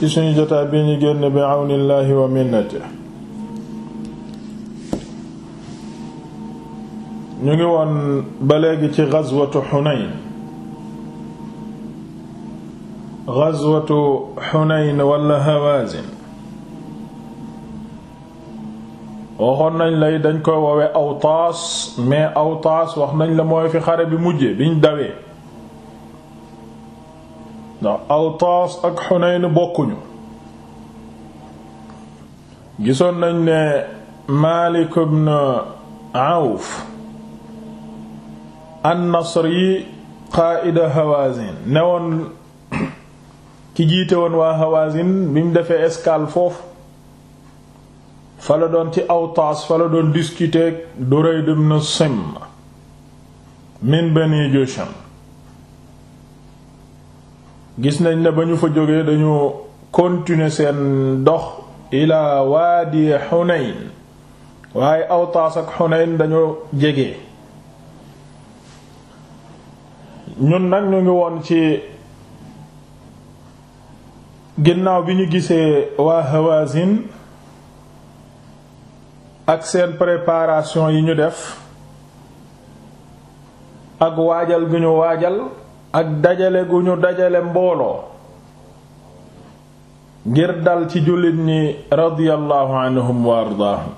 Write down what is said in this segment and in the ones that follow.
ci suñu jotaay bi ñu génn bi àwnillaahi wa minnati ñu ngi woon ba léegi ci gazwatu xuneyn gazwatu xuneyn wala hawazin waxoon nañ la dañ koy woowee awtaas aw taas wax nañ la mooy fi xare bi mujje biñ dawee ndax Awtaas ak Xunayn bokkuñu gisoon nañ ne Maalik ibn Awf an-Nasri qaa'ida Hawaazin ne woon ki jiite woon waa Hawaazin bi defee escale foofu fala la doon ci Awtaas fa la doon discuter Durayd ibn min Bani Jusham gis nañ ne ba ñu fa jógee dañu continuer seen dox ila waadi xunayn waaye Awtaas ak xunayn dañu jege ñun nag ñu ngi woon ci ginnaaw bi ñu gisee waa Hawazin ak seen préparation yi ñu def ak waajal bi ñu waajal ak dajale gu ñu dajale mbooloo ngir dal ci jullit ni radiyallahu anhum wa ardaahum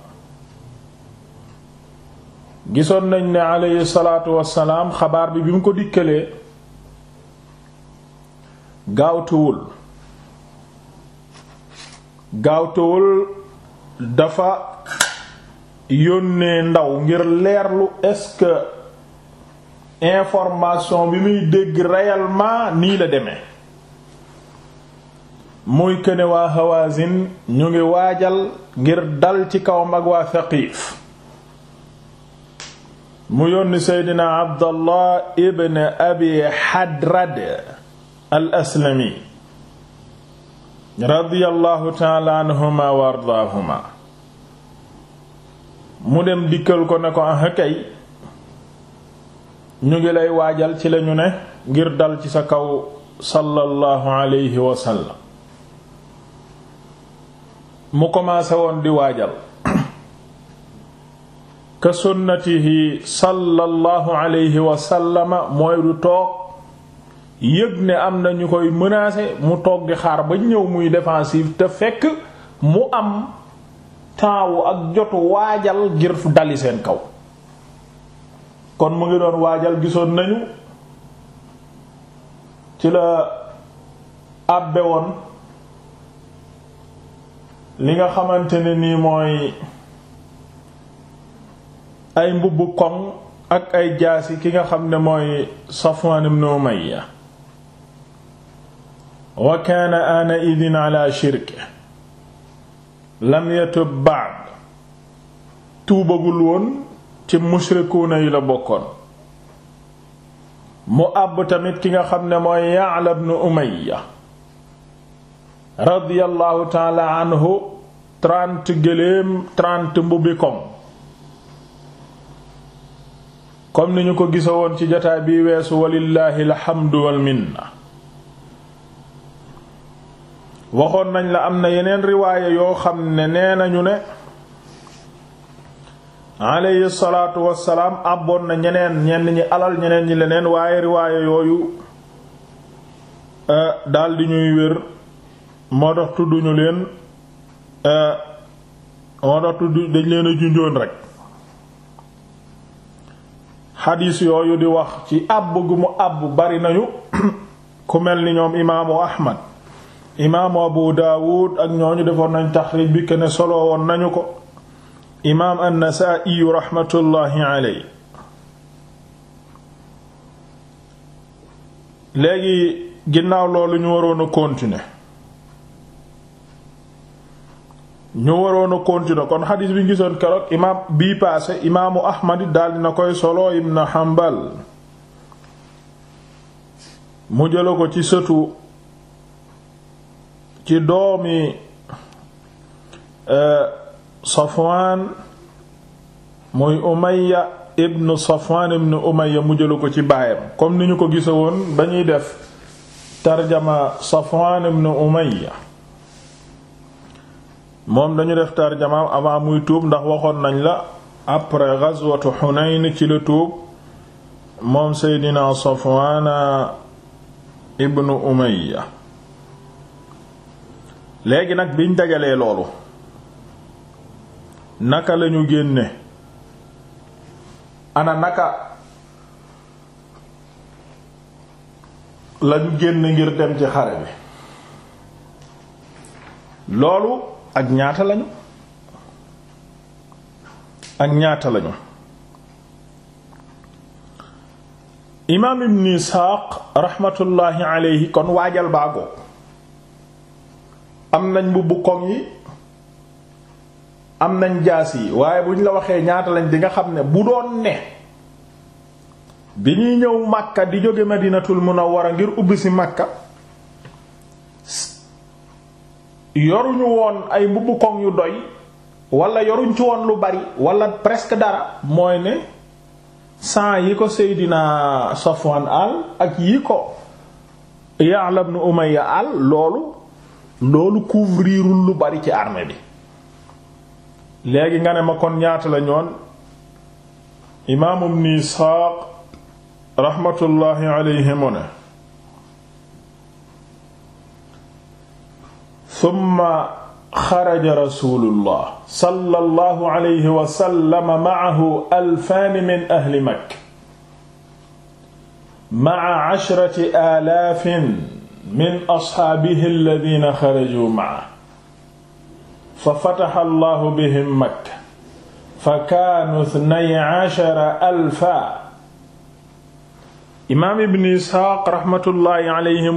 gisoon nañ ne aleyhi salaatu wassalaam xabaar bi bi mu ko dikkalee gaawtuwul gaawtuwul dafa yónnee ndaw ngir leer lu ce information bi muy dégg réellement nii la demee muy këne waa Hawazin ñu ngi waajal ngir dal ci kaw mag waa Thaqif mu yónni Seydina Abdallah ibn Abi Hadrad al Aslami radiyallahu taala wa ardaahuma mu dem dikkal ko ne ko ah kay ñu ngi lay waajal ci lañu ne ngir dal ci sa kaw sallallahu alayhi mu commencé woon di waajal ka sunnatihi sallallahu alayhi wa sallama mooy du toog yëg ne am na ñu koy mënaase mu toog di xaar ba ñëw muy défensif te fekk mu am taawu ak jotu waajal ngir dali seen kaw kon mu ngi doon waajal gisoon nañu ci la àbbe woon li nga xamante ne nii mooy ay mbubb koŋ ak ay jaasi ki nga xam ne mooy Safwan ibn Umayya wa kaana ana idin ala shirke lam yatub ba'd tuubagul woon ci mushrikuuna yi la bokkoon mu àbb tamit ki nga xam ne mooy Ya'la ibn Umayya radiyallahu taala anhu trente gëléem trente mbubbi koŋ comme ni ñu ko gisa woon ci jataay bi weesu walillahi alhamdu wal minna waxoon nañ la am na yeneen riwaaya yoo xam ne nee nañu ne alayhi salaatu wassalaam àbboon na ñeneen ñenn ñi alal ñeneen ñi leneen waaye riwaaya yooyu eh, daldi ñuy wér moo tax tudduñu leen eh, moo tax dañ leen a junjoon rek xadiis yooyu di wax ci àbb gu mu àbb bari nañu ku mel ni ñoom imaamu ahmad imaamu abu daawud ak ñooñu defoon nañ taxriij bi kenn solo woon nañu ko imaam an-Nasaa'i raxmatullaahi alayhi léegi ginnaaw loolu ñu waroon a continuer ñu waroon a continuer kon xadiis bi gisoon keroog imaam bii paase imaamu Ahmad daal dina koy solo Ibn Hanbal mu jëla ko ci sëtu ci doomi. Euh, Safwaan muy Umayya ibn Safwaan ibn Umayya mu jëlu ko ci baayam comme ni ñu ko gisa woon ba ñuy def tarjama Safwaan ibn Umayya moom dañu def tarjamaam avant muy tuub ndax waxoon nañ la après ghazwatu Hunayn ci la tuub moom Seydina Safwaana ibn Umayya léegi nag biñ dajalee loolu naka lañu génne ana naka lañu génn ngir dem ci xare bi loolu ak ñaata lañu ak ñaata lañu imaam ibn Isxaaq raxmatullaahi alayhi kon waajal baa googu am nañ bu bukkoom yi am nañ jaas yi waaye bu ñu la waxee ñaata lañ di nga xam ne bu doon ne bi ñuy ñëw Makka di jóge Madinatul Munawwara ngir ubbi si Makka yoruñu woon ay mbubb koŋ yu doy walla yoruñ ci woon lu bari walla presque dara mooy ne san yi ko Seydina Safwan al ak yi ko Ya'la ibn Umayya al loolu loolu couvrirul lu bari ci armée bi léegi nga ne ma kon ñaata la ñoon imaam ibn Isxaaq raxmatullaahi alayhi mu ne summa xaraja rasuulullah sallallahu alayhi wa sallam ma'ahu alfaani min ahli Makka ma'a ashrati aalaafin min asxaabihi alladhiina xarajuu ma'ahu fa fataha allahu bihim makka fa kaanu ithnay alfa imaam ibn isxaaq raxmatullaahi alayhi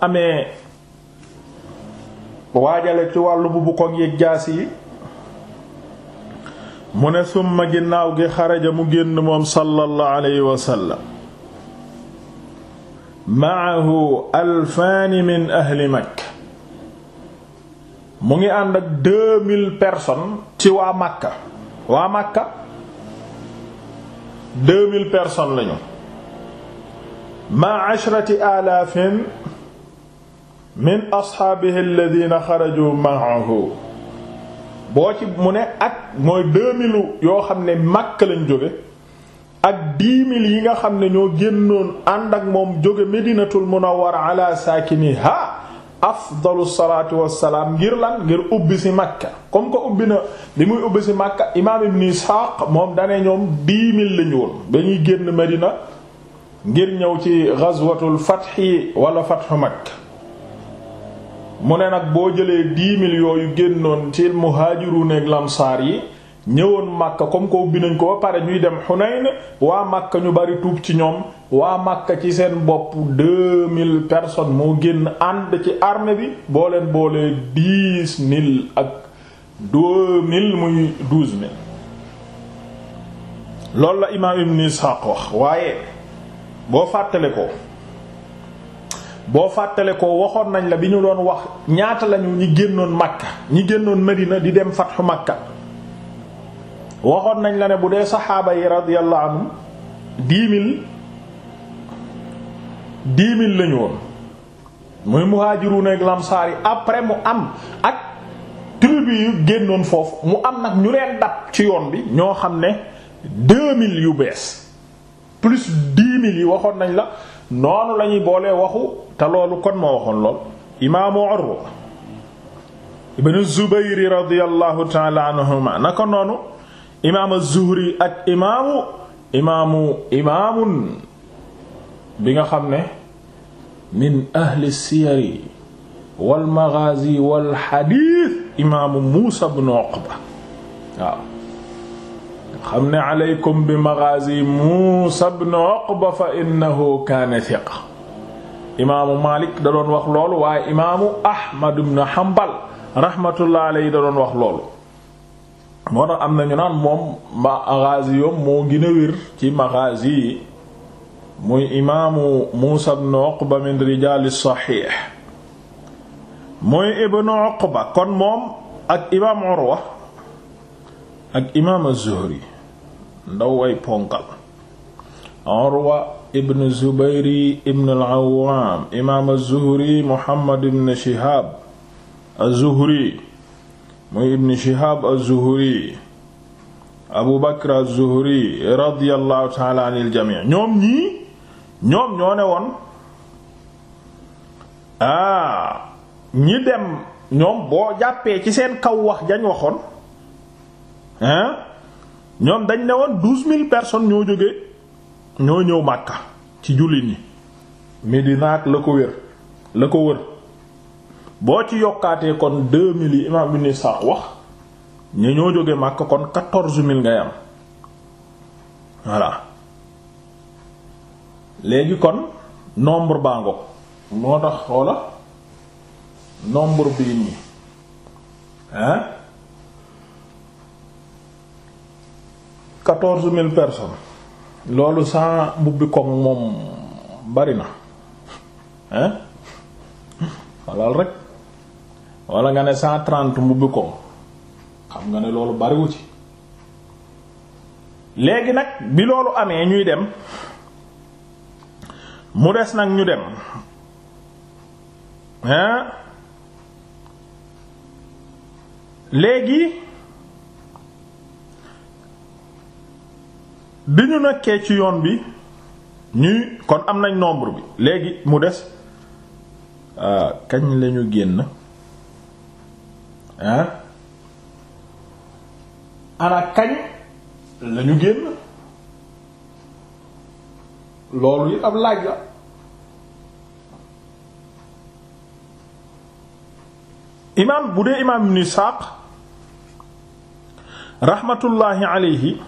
amee waajale ci wàllu bu bu koog yëg jaas mu ne summa ginnaaw gi xaraja mu génn moom sallallahu alayhi min ahli makka mu ngi ànd ak deux mille personnes ci waa Makka waa Makka deux mille personnes lañu ma ashrati alaafin min ashaabihi alladhina xaraju ma'ahu boo ci mu ne ak mooy deux mille yoo xam ne Makka lañ jóge ak dix mille yi nga xam ne ñoo génnoon ànd ak moom jóge Medinatul Munawwara ala saakiniha afdalu salaatu wassalaam ngir lan ngir ubbi ci makka comme que ubbi na li muy ubbi si makka imaam ibn Ishaq moom dane ñoom dix mille lañu woon ba ñuy génn Medina ngir ñëw ci ghazwatul fathi wala fathu makka mu ne nag boo jëlee dix mille yooyu génnoon ci muhaajiruun ak lamsaar yi ñëwoon màkka comme ko ubbi nañ ko pare ñuy dem Hunayn waa Makka ñu bari tuub ci ñoom waa Makka ci seen bopp deux mille personnes moo génn ànd ci armée bi boo leen boolee dix mille ak deux mille muy douze mille loolu la imaam Ibn Ishaq wax waaye boo fàttale ko boo fàttale ko waxoon nañ la bi ñu doon wax ñaata lañu ñi génnoon Makka ñi génnoon Medina di dem fatxu màkka waxoon nañ la ne bu dee saxaaba yi radiyallahu anhum dix mille dix mille lañu woon muy muhaajiruun ak lamsaar yi après mu am ak tribu yu génnoon foofu mu am nag ñu leen dab ci yoon bi ñoo xam ne deux mille yu bees plus dix mille yi waxoon nañ la noonu lañuy ñuy boolee waxu te loolu kon moo waxoon lool imaamu Urwa ibn Zubayr radiyallahu ta'ala anhuma naka noonu imaam az-Zuhri ak imaamu imaamu imaamun bi nga xam ne min ahli siyari wal maghaazi wal xadiis imaamu Muusaa ibn Uqba waaw xam ne aleykum bi maghaazi Muusaa ibn Uqba fa innahu kaana thiqa imaamu Maalik da doon wax loolu waaye imaamu Ahmad ibn Hanbal rahmatullahi alayhi da doon wax loolu moo tax am na ñu naan moom maghazi yoom moo gën a wér ci maghazi yi muy imaamu Muusa ibn Uqba min rijaali saxiix muy ibnu Uqba kon moom ak imaam Urwa ak imaam az-Zuhri ndaw way ponkal Urwa ibn Zubayri ibn al-Awwaam imaam az-Zuhri Muhammad ibn Shihaab az-Zuhri muy ibn Shihab az-Zuhri Abu Bakr az-Zuhri radiyallahu ta'ala anil jami' ñoom ñii ñoom ñoo ne woon ah ñi dem ñoom boo jàppee ci seen kaw wax jañ waxoon hein ñoom dañ ne woon douze mille personnes ñoo jóge ñoo ñëw Makka ci jullit ñi Medina ak la ko wér la ko wër boo ci yokkaatee kon deux mille yi imaam ibn Isaaq wax ñu ñoo jóge Makka kon quatorze mille ngay am voilà léegi kon nombre bango moo tax xoola nombre bii nii hein quatorze mille personnes loolu sans bubbi koŋ moom bari na hein xalaal rek wala nga ne cent trente mbubbi ko xam nga ne loolu bariwu ci léegi nag bi loolu amee ñuy dem mu des nag ñu dem hein léegi bi ñu nekkee ci yoon bi ñuy kon am nañ nombre bi léegi mu des euh, kañ lañu génn ah ana kañ la génn loolu it ab laaj la imaam bu dee imaam ibn Isaaq raxmatullaahi alayhi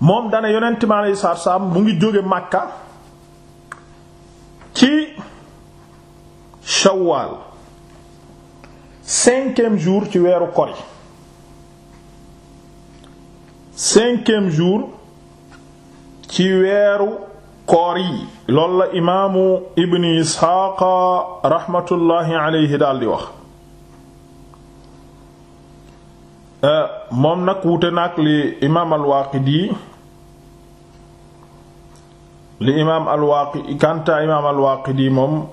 moom dana yonent mi alayhi salaatu mu ngi jóge Makka ci Shawwal cinquième jour ci weeru kori cinquième jour ci weeru koor yi loolu imaamu ibni isxaaqa raxmatullaahi aleyhi daal di wax euh, moom nag wuute li imaam alwaaqidi li imaam alwaaqidi kanta imaam alwaaqidi moom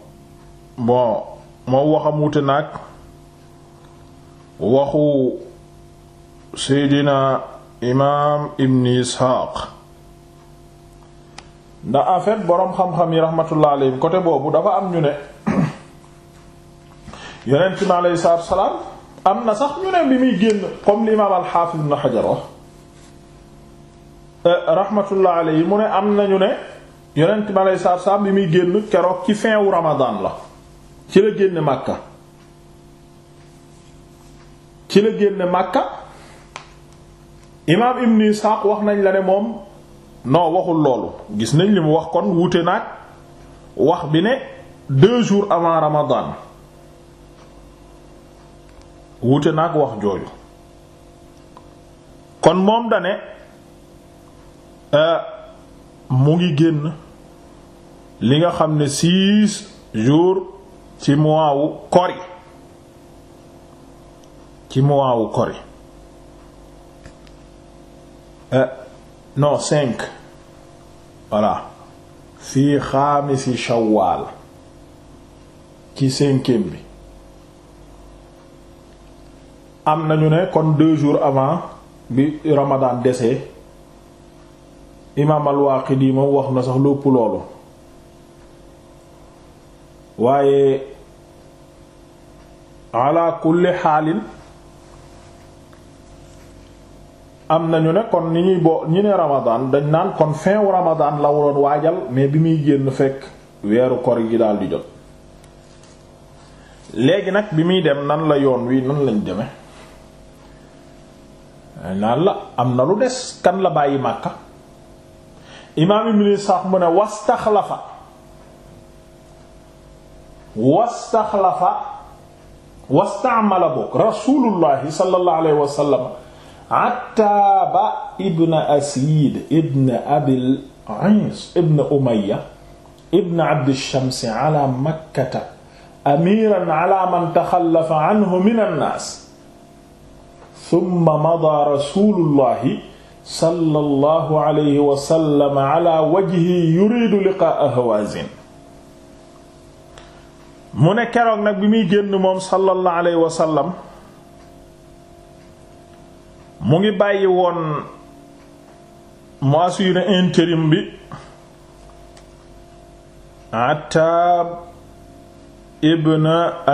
bon moom waxam wuute waxu seydina imaam ibn isxaaq ndax en boroom xam-xam yi rahmatullah alayhim côté boobu dafa am ñu ne yonent mi aleyhi am na sax ñu ne bi muy génn comme l'imam al-Hafiz ibn Hajar wax eh, rahmatullah alayhi mu ne am na ñu ne yonent mi aleyhi salaatu bi muy génn keroog ci fin wu Ramadan la ci la génn Makka ci la génne Makka imaam Ibn Ishaq wax nañ la ne moom noo waxul loolu gis nañ li mu wax kon wuute naag wax bi ne deux jours avant Ramadan wuute naag wax jooju kon moom da ne euh, mu ngi génn li nga xam ne six jours ci mois wu kori ci mois wu kori eh, non cinq voilà fii xaamisi shawaal ci cinquième bi am nañu ne kon deux jours avant bi Ramadan desee imaam al-Waaqidi moom wax na sax lépp loolu waaye ala kulli xaalin am nañu ne kon ni ñuy boo ñu ne Ramadan dañ naan kon fin wu Ramadan la waroon waajal mais bi muy génn fekk weeru kor gi daal di jot léegi nag bi muy dem nan la yoon wi nan lañ deme naan la am na lu des kan la bàyyi Makka imaam ibn Sa'd mu ne wastaxlafa wastaxlafa wastaamala boog rasuulullahi sallallahu alayhi wa Attaaba ibn Asiid ibn Abil Iis ibn Umayya ibn Abdi Shams ala Makkata amiiran ala man taxallafa anhu mina nnaas summa madaa rasuulullaahi sallallahu alayhi wa sallam ala wajhi yuriidu liqaa'a Hawaazin. mu ne keroog nag bi muy génn moom sallallahu alayhi wa sallam. mu ngi bàyyi woon mu assuré intérim bi Attaab ibn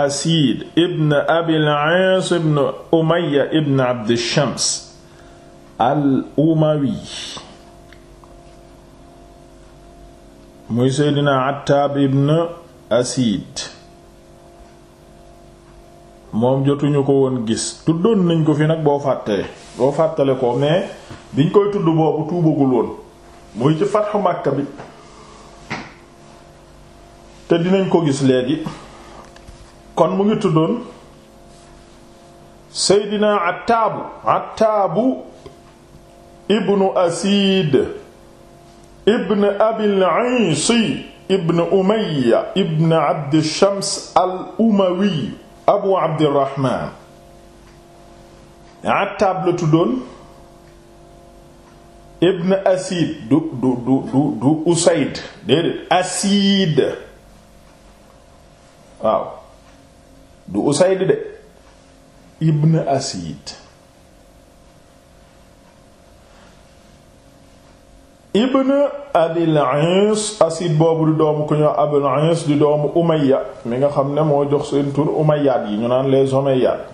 Asiid ibn Abil Aas ibn Umayya ibn Abd Shams al-Umawi muy Seydina Attaab ibn Asiid moom jotuñu ko woon gis tuddoon nañ ko fi nag boo fàttee boo fàttale ko mais biñ koy tudd boobu tuubagul woon muy ci fatxu Makka bi te dinañ ko gis léegi kon mu ngi tuddoon Seydina Attaabu Attaabu ibnu Asiid ibn Abil Iisi ibn Umayya ibn Abdi Shams al Umawi abu abdirahman attaab la tuddoon ibn asid du du du du du usayd déedéet asid waaw du usayd de ibn asid ibn abil ins asid boobu di doomu ku ñoo abil ins di doomu umayya mi nga xam ne moo jox seen tur umayyaat yi ñu naan les umayyaat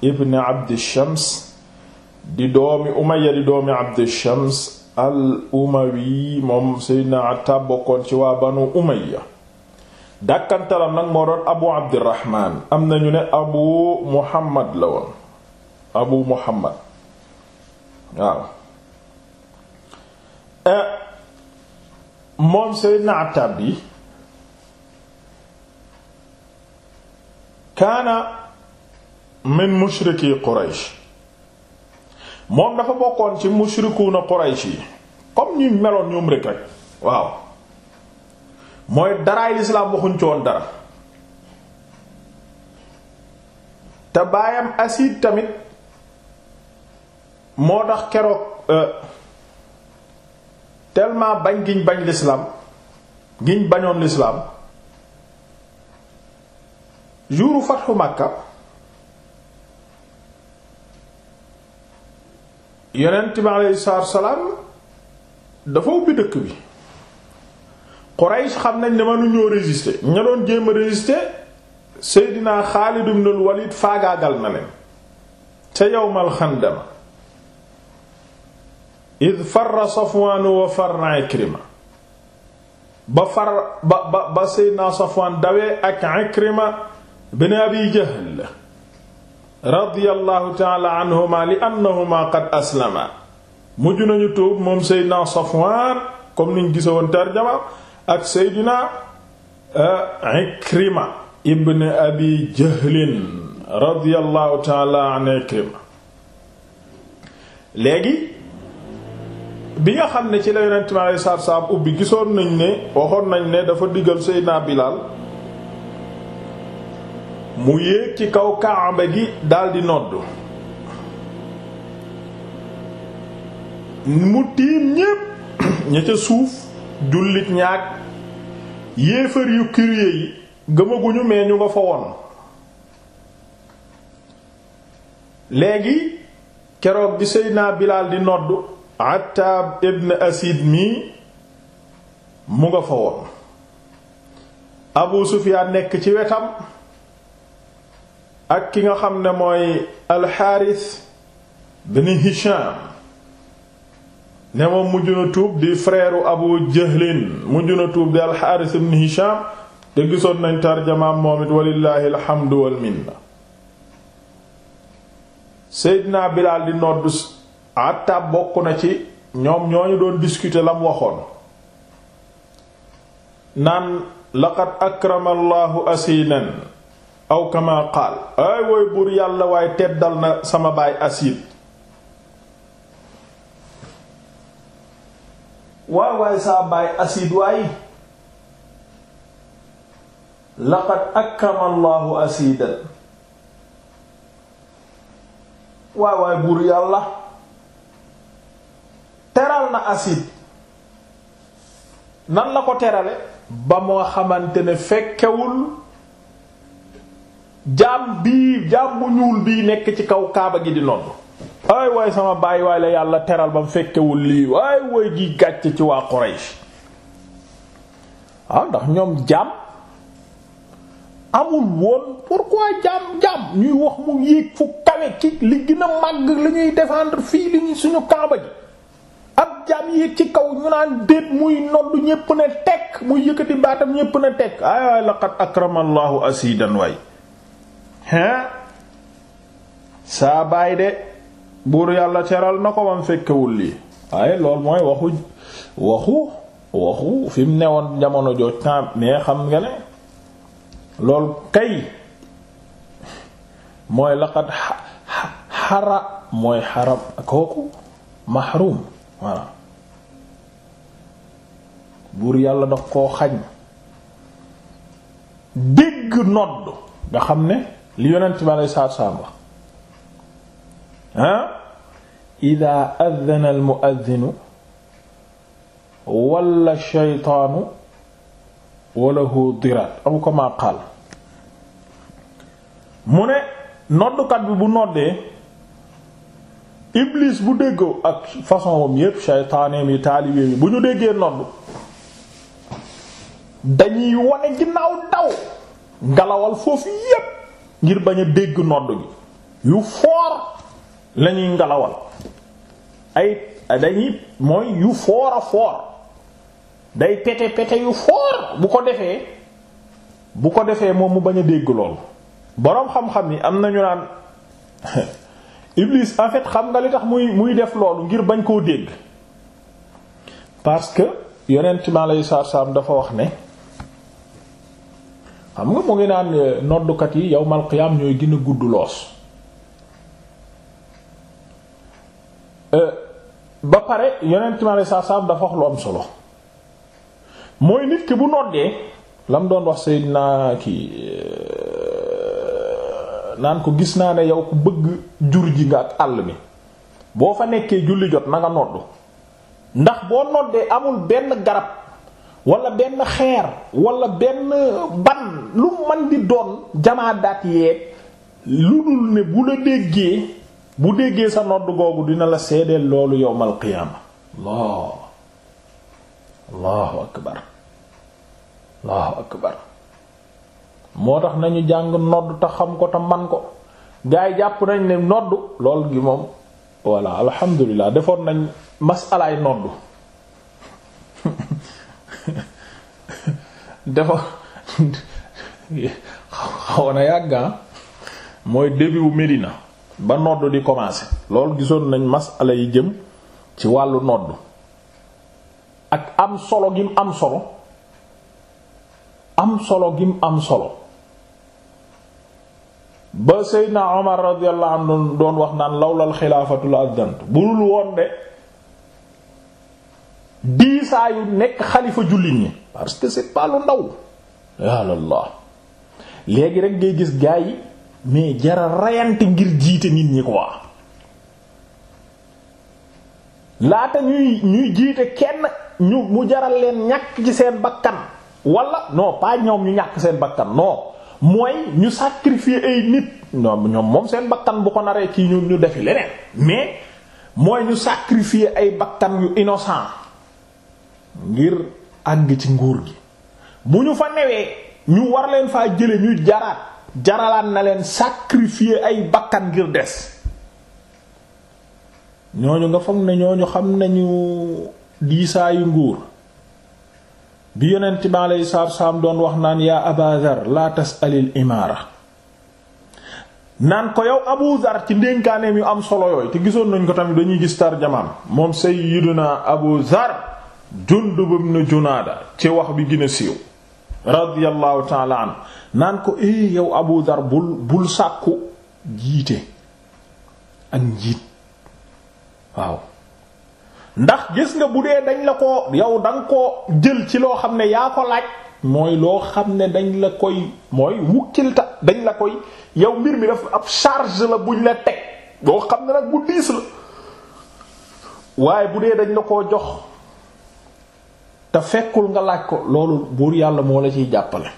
ibn abdi shams di doomi umayya di doomi abdi shams al umawi moom seydina attaab bokkoon ci waa banu umayya dàkkantalam nag moo doon abu abdirahman am nañu ne abu muhammad la woon abu muhammad waaw Eh, moom Seydina Attaab bi kaana min mushriki Quraysh moom dafa bokkoon ci mushrikuuna Quraysh yi comme ñu meloon ñoom rek rek waaw mooy daraay lislaam waxuñ ci woon dara te baayam Asiid tamit moo tax keroog eh, tellement bañ giñ bañ lislaam giñ bañoon lislaam juru fatxu Makka yonent bi aleyhi dafa ubbi dëkk bi Quraysh xam nañ ne mënuñoo résister ña doon jéem a résister Seydina Xaalid ibn al faagaagal na leen ca yawmal Xandama id farra Safwaan wa far ba ba ba Seydina Safwaan dawee ak Ikrima bin Abi Jahl radiyallahu taala anhuma niñ gisoon tarjama ak eh, taala an Ikrima bi nga xam ne ci la yonent mi alayhi salaatu salaam ubbi gisoon nañu ne waxoon nañu ne dafa diggal digal Seydina Bilaal mu yéeg ci kaw Kaaba gi daldi nodd mu tiim ñépp ña ca suuf jullit ñaag yéefar yu kiriyee yi gëmaguñu mee ñu nga fa woon léegi keroog bi Seydina Bilaal di nodd Attaab ibn Asid mi mu nga fa woon Abu Sufyaan nekk ci wetam ak ki nga xam ne mooy Alxaaris bin Hisham ne moom mujj na tuub di frère Abu Jahlin mujj na tuub di Alxaaris bin Hisham te gisoon nañ tarjamaam moom it walillaahi alxamdu wal minna Attab bokk na ci ñoom ñoo ñu doon discuter lam waxoon naan laqad akrama allahu asiilan aw ay woy buur yàlla waaye teddal na sama baay asiil waay waay saa baay asiidan waay waay buur yàlla teral na acide nan la ko terale ba moo xamante ne fekkewul jaam bii jaam ñuul bii nekk ci kaw kaaba gi di nodd ay waay sama bàyyi waay la yàlla teral ba mu fekkewul lii waay waay gi gàcce ci waa Quraysh waaw ah, ndax ñoom jaam amul woon pourquoi jaam jaam ñuy wax mu yéeg fu kawe ci li gën a màgg li ñuy défendre fii li suñu kaaba gi jaam yéeg ci kaw ñu naan déet muy noddu ñépp ne tekk muy yëkkati baatam ñépp na tekk ay ay laqad akramallahu asidan way hein saa baay de buur yàlla teral na ko bam fekkewul lii waaye loolu mooy waxu waxu waxu fi mu newoon jamono jooj temps mais xam nga ne loolu kay mooy laqad xara mooy xaram kooku mahrum voilà buur yàlla da koo xañ dégg nodd nga xam ne li yonent bi alei saatu salaam wax ah ida adana al muaddinu wala shaytaanu walahu diraat aw kama qaal mu ne noddukat bi bu noddee iblis bu déggoo ak façon wam yépp shaytaaneem yi taalibe yi bu ñu déggee noddu dañuy wane ginnaaw daw ngalawal foofu yépp ngir bañ a dégg nodd gi yu foor lañuy ngalawal ay dañuy mooy yu foor a foor day pete pete yu foor bu ko defee bu ko defee moom mu bañ a dégg lool boroom xam-xam yi am nañu naan Iblis en fait xam nga li tax muy muy def loolu ngir bañ koo dégg parce que yonent mi alayhi salaam dafa wax ne xam nga mu ngi naan eh, noddukat yi yawmal qiyaam ñooy gën a gudd loos eh, ba pare yonent ma saa dafa wax am solo mooy nit ki bu noddee lam doon wax naa kii eh, naan ko gis naa ne yow ku bëgg jur ji nga ak àll mi boo fa nekkee julli jot na nga noddu ndax boo noddee amul benn garab wala benn xeer wala benn ban lu man di doon jamaa daat yeeg lu dul ne bu la déggee bu déggee sa nodd googu dina la seedeel loolu yowmal qiyaama Allah Allahu akbar Allahu akbar moo tax nañu jàng nodd te xam ko te man ko gaa yi jàpp nañ ne nodd lool gi moom voilà alhamdulilah defoon nañ masalaay nodd dafa xawoon na yàgga ah. mooy début wu Médina ba nodd di commencer lool gisoon nañ masala yi jëm ci wàllu nodd ak am solo gim am solo am solo gim am solo ba Seydina Omar radiyallahu anhu doon wax naan lawlal xilaafatu la addantu bu dul woon de diisaayu nekk xalifa jullit ñi parce que c'est pas lu ndaw yàlla léegi rek ngay gis gaa yi mais jara rayante ngir jiite nit ñi quoi laata ñuy ñuy jiite kenn ñu mu jaral leen ñàkk ci seen bakkan wala non pas ñoom ñu ñàkk seen bakkan non mooy ñu sacrifier ay nit ñoom ñoom moom seen bakkan bu ko naree kii ñu ñu defi leneen mais mooy ñu sacrifier ay bakkan yu innocent ngir àgg ci nguur gi bu ñu fa newee ñu war leen faa jële ñu jaraat jaralaat na leen sacrifier ay bakkan ngir des ñooñu nga foog ne ñooñu xam nañu diisaayu nguur bi yeneen bi alayhi salaatu salaam doon wax naan yaa Abaa Dhar laa tas'alil imaara naan ko yow Abu Dhar ci ndénkaaneem yu am solo yooyu te gisoon nañ ko tamit dañuy gis tarjamaam moom Sayyiduna Abu Dhar Jundub ibn Junaada ci wax bi gën a siiw radiyallahu taala naan ko eh yow Abu Dar bul bul sàkku jiite ak njiit waaw ndax gis nga bu dee dañ la ko yow da nga koo jël ci loo xam ne yaa ko laaj mooy loo xam ne dañ la koy mooy wukkilta dañ la koy yow mbir mi daf ab charge la buñ la teg boo xam ne nag bu diis la waaye bu dee dañ la ko jox te fekkul nga laaj ko loolu buur yàlla moo la ciy jàppale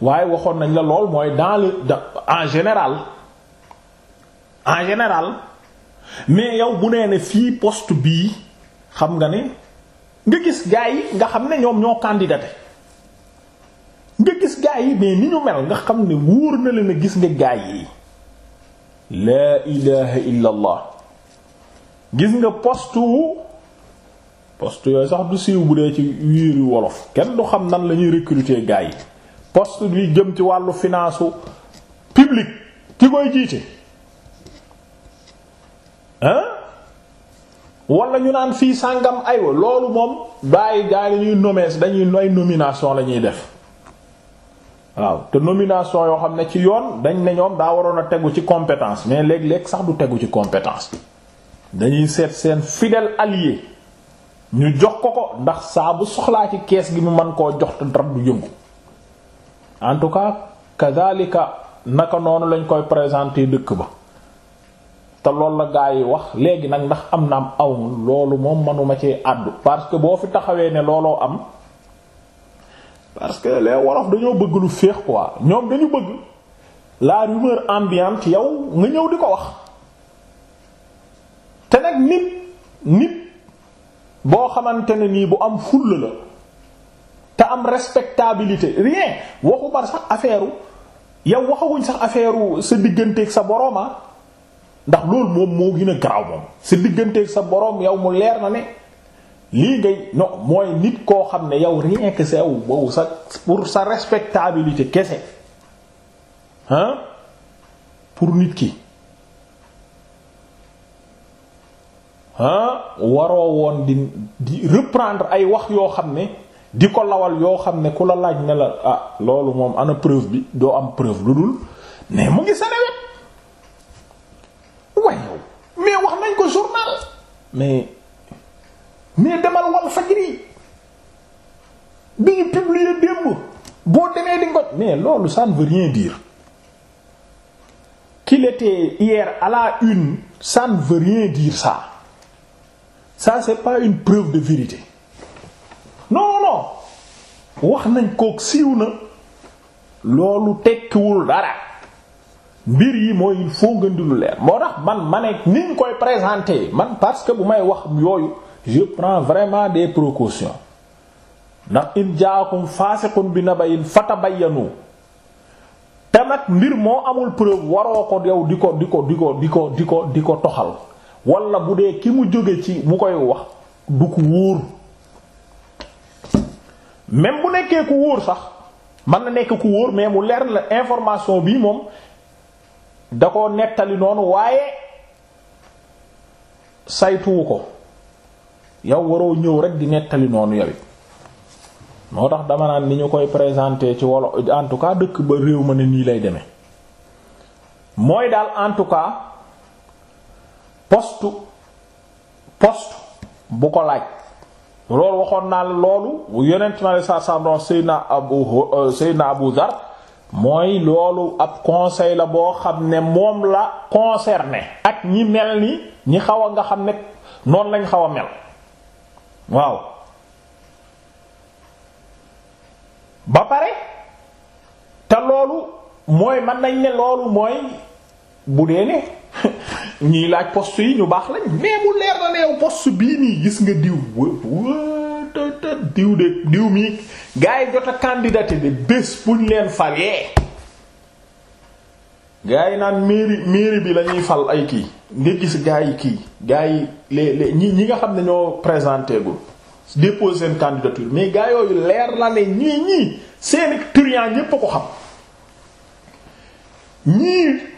waaye waxoon nañ la lool mooy dans le en général en général mais yow bu nee ne fii poste bii xam nga ne nga gis gaa yi nga xam ne ñoom ñoo candidaté nga gis gaa yi mais ni ñu mel nga xam ne wuur na leen gis nga gaa yi laa ilaha illa gis nga poste wu post yooyu sax du siiw bu dee ci wiiri wolof kenn du xam nan la ñuy recruter gars yi poste bi jëm ci wàllu finance publique ki koy jiite hein wala ñu naan fii sàngam aywa loolu moom bàyyi gars yi ñuy nommer dañuy noy nomination la ñuy def waaw te nomination yoo xam ne ci yoon dañ ne ñoom daa waroon a tegu ci compétence mais léeg-léeg sax du tegu ci compétence dañuy seet seen fidèle allié ñu jox ko ko ndax saabu soxlaa ci kees gi mu mën koo jox te dara du yëngu en tout cas kadhalika naka noonu lañ koy présenter dëkk ba te loolu la gaa yi wax léegi nag ndax am na am awul loolu moom manuma ci àddu parce que boo fi taxawee ne looloo am parce que les wolof dañoo bëgg lu féex quoi ñoom dañu bëgg la rumeur ambiante yow nga ñëw di ko wax te nag nit nit boo xamante ne nii bu am fulla la te am respectabilité rien waxu bar sax affaire yow waxawuñ sax affaire sa digganteek sa borom ah. ndax loolu moom moo gën a garaaw moom sa digganteeg sa borom yow mu leer na ne lii ngay non mooy nit koo xam ne yow rien que sa yow boobu sa pour sa respectabilité kese hein pour nit ki. waroo woon di di reprendre ay wax yoo xam ne di ko lawal yoo xam ne ku la laaj ne la ah loolu moom ana preuve bi doo am preuve lu dul mais mu ngi senewet waaye yow mais wax nañ ko journal mais mais demal wal fajri bi ñu publier démb boo demee di ngoj mais loolu ça ne veut rien dire hier à une ça ne veut rien ça c'est pas une preuve de vérité non non wax nañ kook siiw na loolu tekkiwul dara mbir yi mooy il faut ngeen di lu leer moo tax man ma ne koy présenté man parce que bu may wax yooyu je prends vraiment des précautions ndax in jaakum faasiqun bi nabayin fatabayyanu te nag mbir moo amul preuve waroo ko yow di ko di ko di ko di ko di ko di ko toxal wala bu dee ki mu jóge ci mu koy wax du ku wóor même bu nekkee ku wóor sax mën na nekk ku wóor mais mu leer na information bii moom da ko nettali noonu waaye saytuwu ko yow waroo ñëw rek di nettali noonu yow moo tax dama naan ni ñu koy présenter ci wala en cas dëkk ba réew ma ne nii lay demee mooy daal en tout cas. poste poste bu ko laaj loolu waxoon naa loolu yonent na la saa saa doon Seydina Abu euh, Seydina Abu Dhar mooy loolu ab conseil la boo xam ne moom la concerné ak ñi mel ni ñi xaw a nga xam ne noonu lañ xaw a mel waaw ba pare te loolu mooy mën nañ ne loolu mooy bu dee ne ñii laaj poste yi ñu baax lañ mais bu leer na neew poste bii nii gis nga diw diw de diw mi gars yi jot a candidaté de bés buñ leen falee gars yi naan mairie mairie bi la ñuy fal ay kii nga gis gars yi kii gars yi les les ñi ñi nga xam ne ñoo présenté gul déposé seen candidature mais gars yooyu leer na ne ñii ñii seen client ñépp a ko xam ñii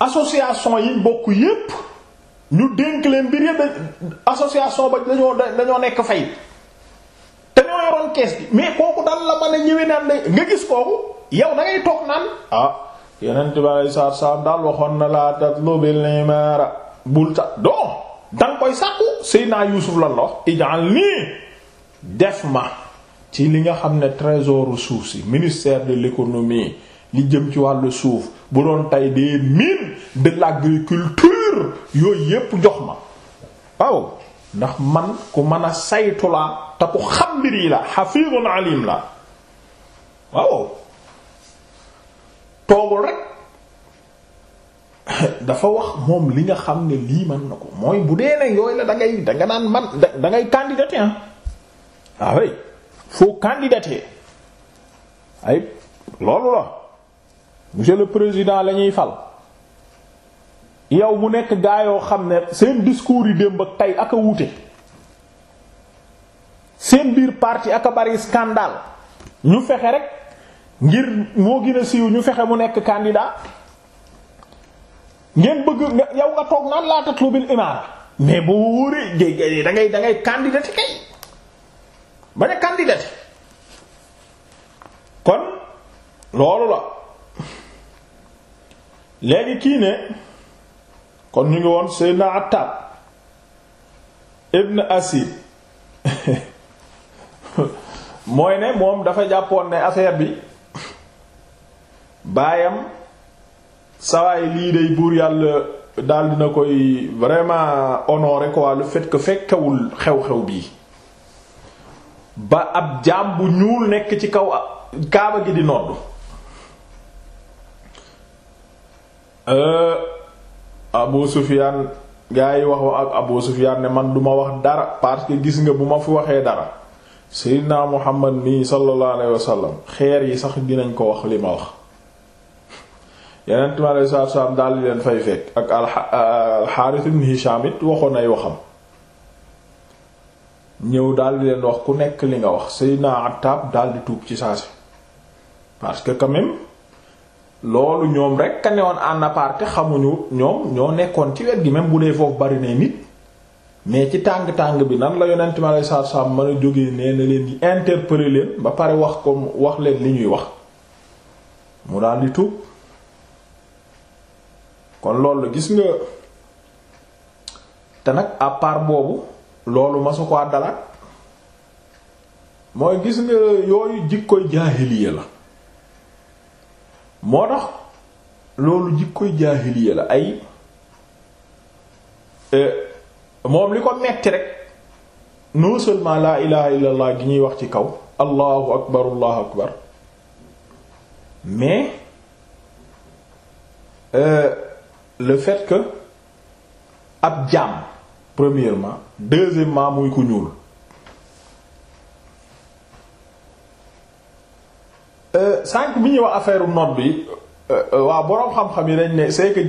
association yi bokk yépp ñu dénk leen mbir yépp association ba dañoo dañoo nekk fay te ñoo yoroon kees bi mais kooku daal la mën a naan day nga gis kooku yow da ngay toog naan ah yeneen tubaab yi sax sax daal waxoon na laa tatlubil imaara bul ta doo danga koy sàkku Seydina Yuusuf lan la wax ijal def ma ci li nga xam ne trésor suuf si ministère de l'économie li jëm ci wàllu suuf bu doon tay des mines de l'agriculture yooyu yépp jox ma waaw ndax man ku mën a saytu laa te ku xam mbir yi la xafiidun alim la waaw toogul rek dafa wax moom li nga xam ne lii man na ko mooy bu dee ne yooyu la da ngay da man da ngay candidater ah, ah foo candidater ay loolu la monsieur le président lañuy ñuy fal yow mu nekk gaa yoo xam ne seen discours yi démb tey ak a wuute seen biir parti ak a bari scandale ñu fexe rek ngir moo gën a siiw ñu fexe mu nekk candidat ngeen bëgg yow nga toog naan laa tatlubil imaara mais boo wóoree da dangay da kay bañ a candidat kon loolu la. léegi kii ne kon ñu ngi woon Seydina Attab ibn Asid mooy ne moom dafa jàppoon ne affaire bi baayam sawaay lii day buur yàlla daal dina koy vraiment honoré quoi le fait que fekkewul xew-xew bii ba ab jaam bu ñuul nekk ci kaw kaaba gi di noddu Euh, Abu Sufyan gaa yi wax wa ak Abu Sufyan ne man duma wax dara parce que gis nga bu ma fi waxee dara Seydina Muhammad mii sallallahu alayhi wa xeer yi sax dinañ ko wax li ma wax yeneen time saar saar daal di leen fay fekk ak alxaaris ibn Hisham it waxoon ay waxam ñëw daldi leen wax ku nekk li nga wax Seydina Attab daal di tuub ci saasi parce que quand loolu ñoom rek ka newoon en te xamuñu ñoom ñoo nekkoon ci wet gi même bu dee foofu bari ne nit mais ci tàng-tàng bi nan la yonent mi alei satu salaam mën a jóge nee na leen di interpeller leen ba pare wax ko wax leen li ñuy wax mu daal di tuub kon loolu gis nga te nag à part boobu loolu ma su ko dalaat mooy gis nga yooyu jikkoy jaahiliya la moo tax loolu jikkoy jaahiliya la ay e, moom li ko metti rek non seulement laa ilaha illallah gi ñuy wax ci kaw allahu akbar allahu akbar mais e, le fait que ab jaam premièrement deuxièmement muy ku ñuul Euh, sànq bi ñuy wax affaire nodd bi euh, waaw boroom xam-xam yi dañ ne c'est que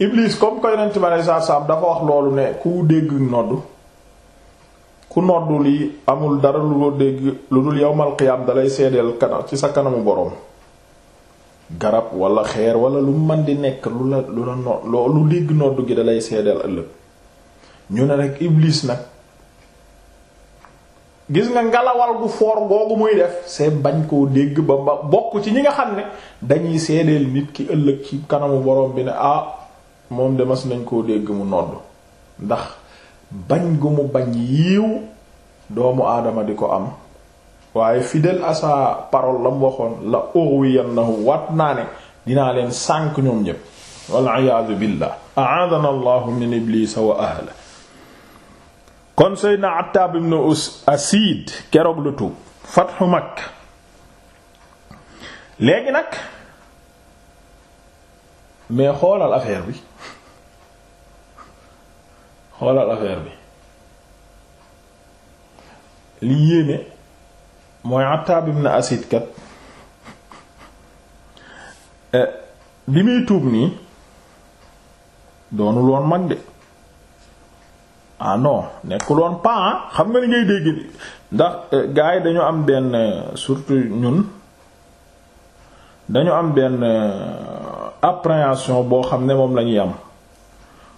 Iblis comme koy yonent bi alayhi salaatu salaam dafa wax loolu ne ku dégg nodd ku noddu lii amul dara lu doo dégg lu dul yawmal qiyaam dalay seedeel kanam ci sa kanamu boroom garab walla xeer wala lu man di nekk lu la lu la no lu dégg noddu gi dalay seedeel ëllëg ñu ne rek Iblis nag gis nga ngelawal bu foor googu muy def c'est bañ koo dégg ba ba bokk ci ñi nga xam ne dañuy seedeel nit ki ëllëg ci kanamu borom bi ne ah moom de mas nañ koo dégg mu nodd ndax bañ gu mu bañ yiiw doomu aadama di ko am waaye fidèle à sa parole la mu waxoon la urwiyannahu wat naa ne dinaa leen sànk ñoom ñépp wal iyaadu billah a'adana allahu min wa ahla kon seydna Attaab ibn Asiid keroog la tuub fatxu Makka léegi nag mais xoolal affaire bi xoolal affaire bi li yéeme mooy Attaab ibn Asiid kat eh, bi muy tuub nii doonul woon mag de ah non nekkuloon woon pas ah. xam nga ni ngay dégg ndax eh, gars yi dañu am benn eh, surtout ñun dañu am benn eh, appréhension boo xam ne moom la ñuy am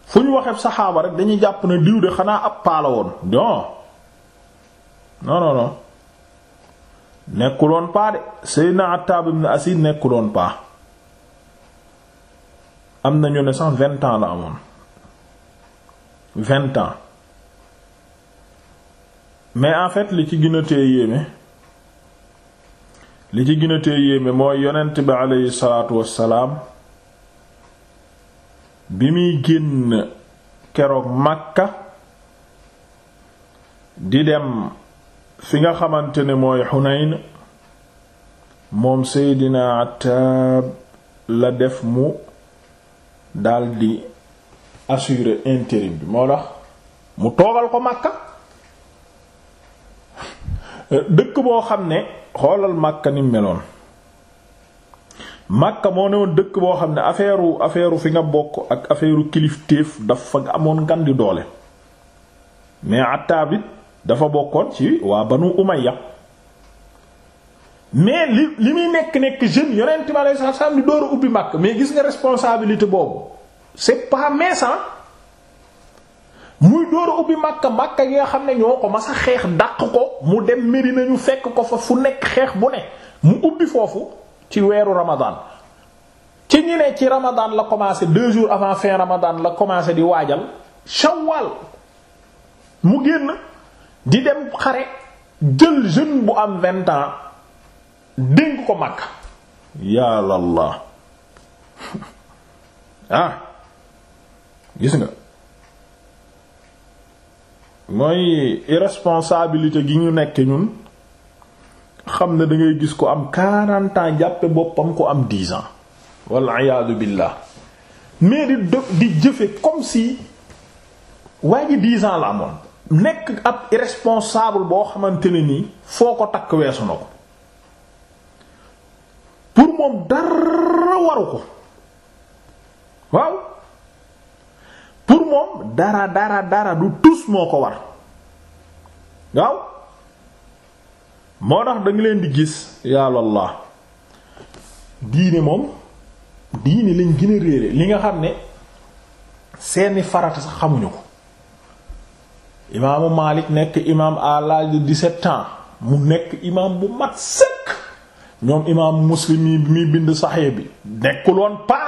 fu ñu waxee saxaaba rek dañuy jàpp ne diw de xanaa ab paala woon non non non non pas de Seydina Attab ibn Asid nekkul woon am na ñu ne sax vingt ans la amoon vingt ans. mais en fait li ci gën a yéeme li ci gën a yéeme mooy yonent bi aleyhi salaatu wassalaam bi muy génn keroog Makka di dem fi nga xamante ne mooy Xunayn moom Seydina Attaab la def mu daldi assurer intérim bi moo tax mu toogal ko Makka dëkk boo xam ne xoolal Makka ni meloon Makka moo ne woon dëkk boo xam ne affaire affaire fi nga bokk ak affaire kilifteef dafa amoon ngan di doole mais Attaab it dafa bokkoon ci waa Banu Umayya mais li li muy nekk nekk jeune yonent bi alayhi salaam di door a ubbi Makka mais gis nga responsabilité boobu c'est pas méchant muy door a ubbi Makka Makka yi nga xam ne ñoo ko mas a xeex dàq ko mu dem Medina ñu fekk ko fa fu nekk xeex bu ne mu ubbi foofu ci weeru Ramadan ci ñi ne ci Ramadan la commencé deux jours avant fin Ramadan la commencé di waajal Shawwal mu génn di dem xare jël jeune bu am vingt ans dénk ko Makka yàlla ah gis nga. mooy irresponsabilité gi ñu nekk ñun xam ne dangay gis ko am 40 ans jàppe boppam ku am 10 ans walla iyaadu billah mais di di jëfe comme si waa ji 10 la amoon nekk ab irresponsable boo xamante ne nii foo ko takk weesu na ko pour moom dara waru ko waaw pour moom dara dara dara du tus moo ko war waaw moo tax da leen di gis yàlla diine moom diine lañ gën a réere li nga xam ne seeni farat sax xamuñu ko imaamu Maalik nekk imaam à l'âge de 17 mu nekk imaam bu mat sëkk ñoom imaamu Muslim yi bi muy bind Sahih bi nekkul woon pa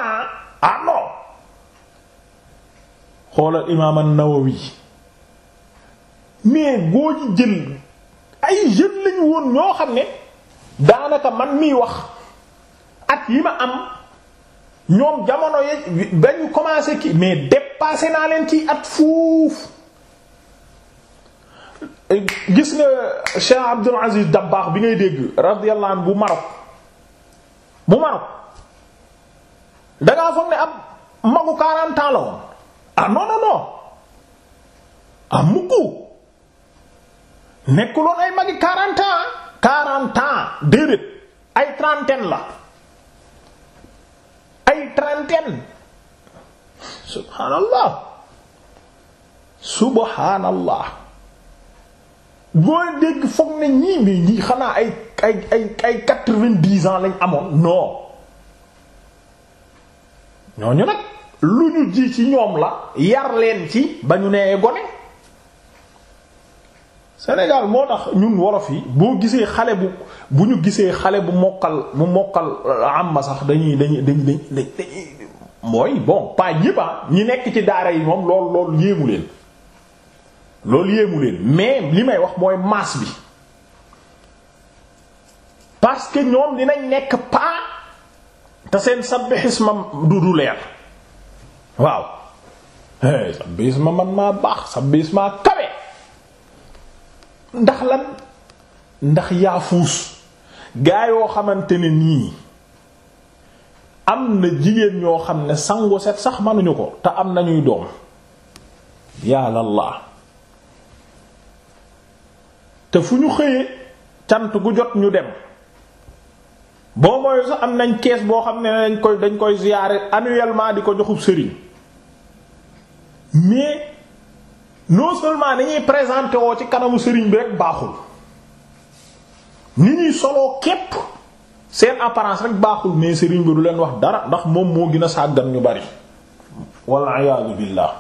ah xoolal imaam an-Nawawi mais goo jël ay jeunes lañu woon ñoo xam ne daanaka man miy wax at yi ma am ñoom jamono ye dañu commencé ki mais dépassé naa leen ci at fuuf gis nga Cheikh Abdul Aziz Dabbaax bi ngay dégg radiyallahu bu Maroc bu Maroc dangaa foog ne ab magu 40 ah non non non ah mukku nekkuloon ay magi quarante ans quarante ans déedéet ay trentaine la ay trentaine subhaanallah subhaanallah booy dégg foog ne ñii mais ñii xanaa ay ay ay quatre-vingt-dix ans lañ amoon non ñooñu nag lu ñu ji ci ñoom la yar leen ci ba ñu nee gone Sénégal moo tax ñun wolof yi boo gisee xale bu bu ñu gisee xale bu mokkal bu mokkal euh, amma sax dañuy dañuy dañuy dañuy mooy bon pas ñëpp ñi nekk ci daara yi moom lool lool yéemu leen loolu yéemu leen mais li may wax mooy masse bi parce que ñoom dinañ nekk pas te seen sabbih ismam du du leer. waaw hey sa biis ma man maa baax sa biis maa kawe ndax lan ndax yaafuus gaa yoo xamante ne nii am na jigéen ñoo xam ne sangu set sax manuñu ko te am nañuy doom yàlla la te fu ñu xëyee cant gu jot ñu dem boo mooy sax am nañ kees boo xam ne dañ koy dañ koy ziyaare annuellement di ko joxub sëriñ mais non seulement dañuy présenté woo ci kanamu sëriñ bi rek baaxul ni ñuy soloo képp seen apparence rek baaxul mais sëriñ bi du leen wax dara ndax moom moo gën a sàggan ñu bari walla iyaadu billaah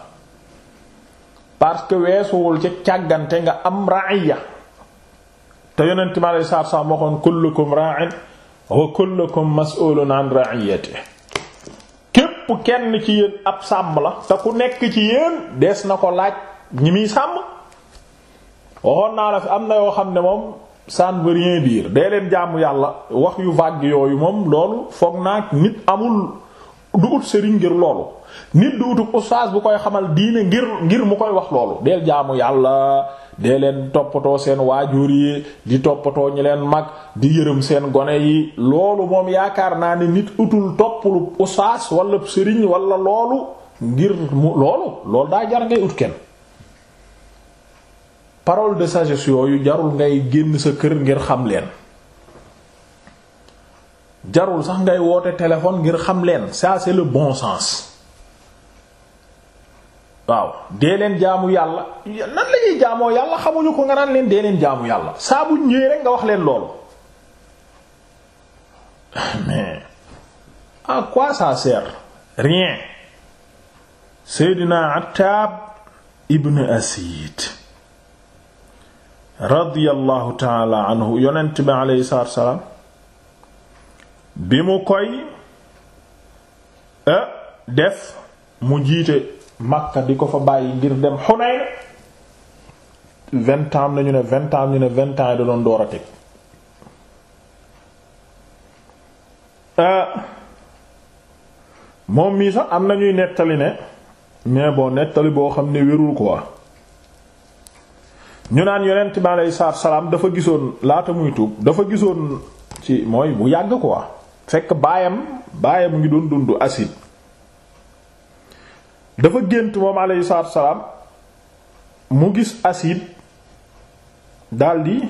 parce que weesuwul ci càggante nga am raaya te yonent mi alayhi salaatu wa salaam waxoon kullukum raa'in wa kullukum mas'uulun an ra'iyyatihi képp kenn ci yéen ab sàmm la te ku nekk ci yéen dees na ko laaj ñi muy sàmm waxoon naa la fi am na yoo xam ne moom san ne veut rien dire dee leen jaamu yàlla wax yu vague yooyu moom loolu foog naa nit amul du ut sëriñ ngir loolu nit du utub ustaas bu koy xamal diine ngir ngir mu koy wax loolu deel jaamu yàlla dee leen toppatoo seen waajur yi di toppatoo ñi leen mag di yërëm seen gone yi loolu moom yaakaar naa ne nit utul topplu usaas walla sëriñ walla loolu ngir mu loolu loolu daa jar ngay ut kenn parole de sagesse yooyu jarul ngay génn sa kër ngir xam leen jarul sax ngay woote téléphone ngir xam leen ça c'est le bon sens waaw dee leen jaamu yàlla nan la jaamoo yàlla xamuñu ko nga naan leen dee leen jaamu yàlla saabu bu nga wax leen loolu mais à quoi ça sert rien Seydina Attaab ibn Asiid radiyallahu taala anhu yonent bi mu koy eh, def mu jiite Makka di ko fa bàyyi ngir dem Hunayn vingt ans ñu ne vingt ans ñu ne vingt ans yi da doon door a teg euh, moom mii sax am na ñuy nettali ne mais boo nettali boo xam ne wérul quoi ñu naan yonent bi aleyhi salaatu salaam dafa gisoon laata muy tuub dafa gisoon ci mooy bu yàgg quoi fekk baayam baayam ngi doon dund acide dafa gént moom alayhi salaatu salaam mu gis asib daldi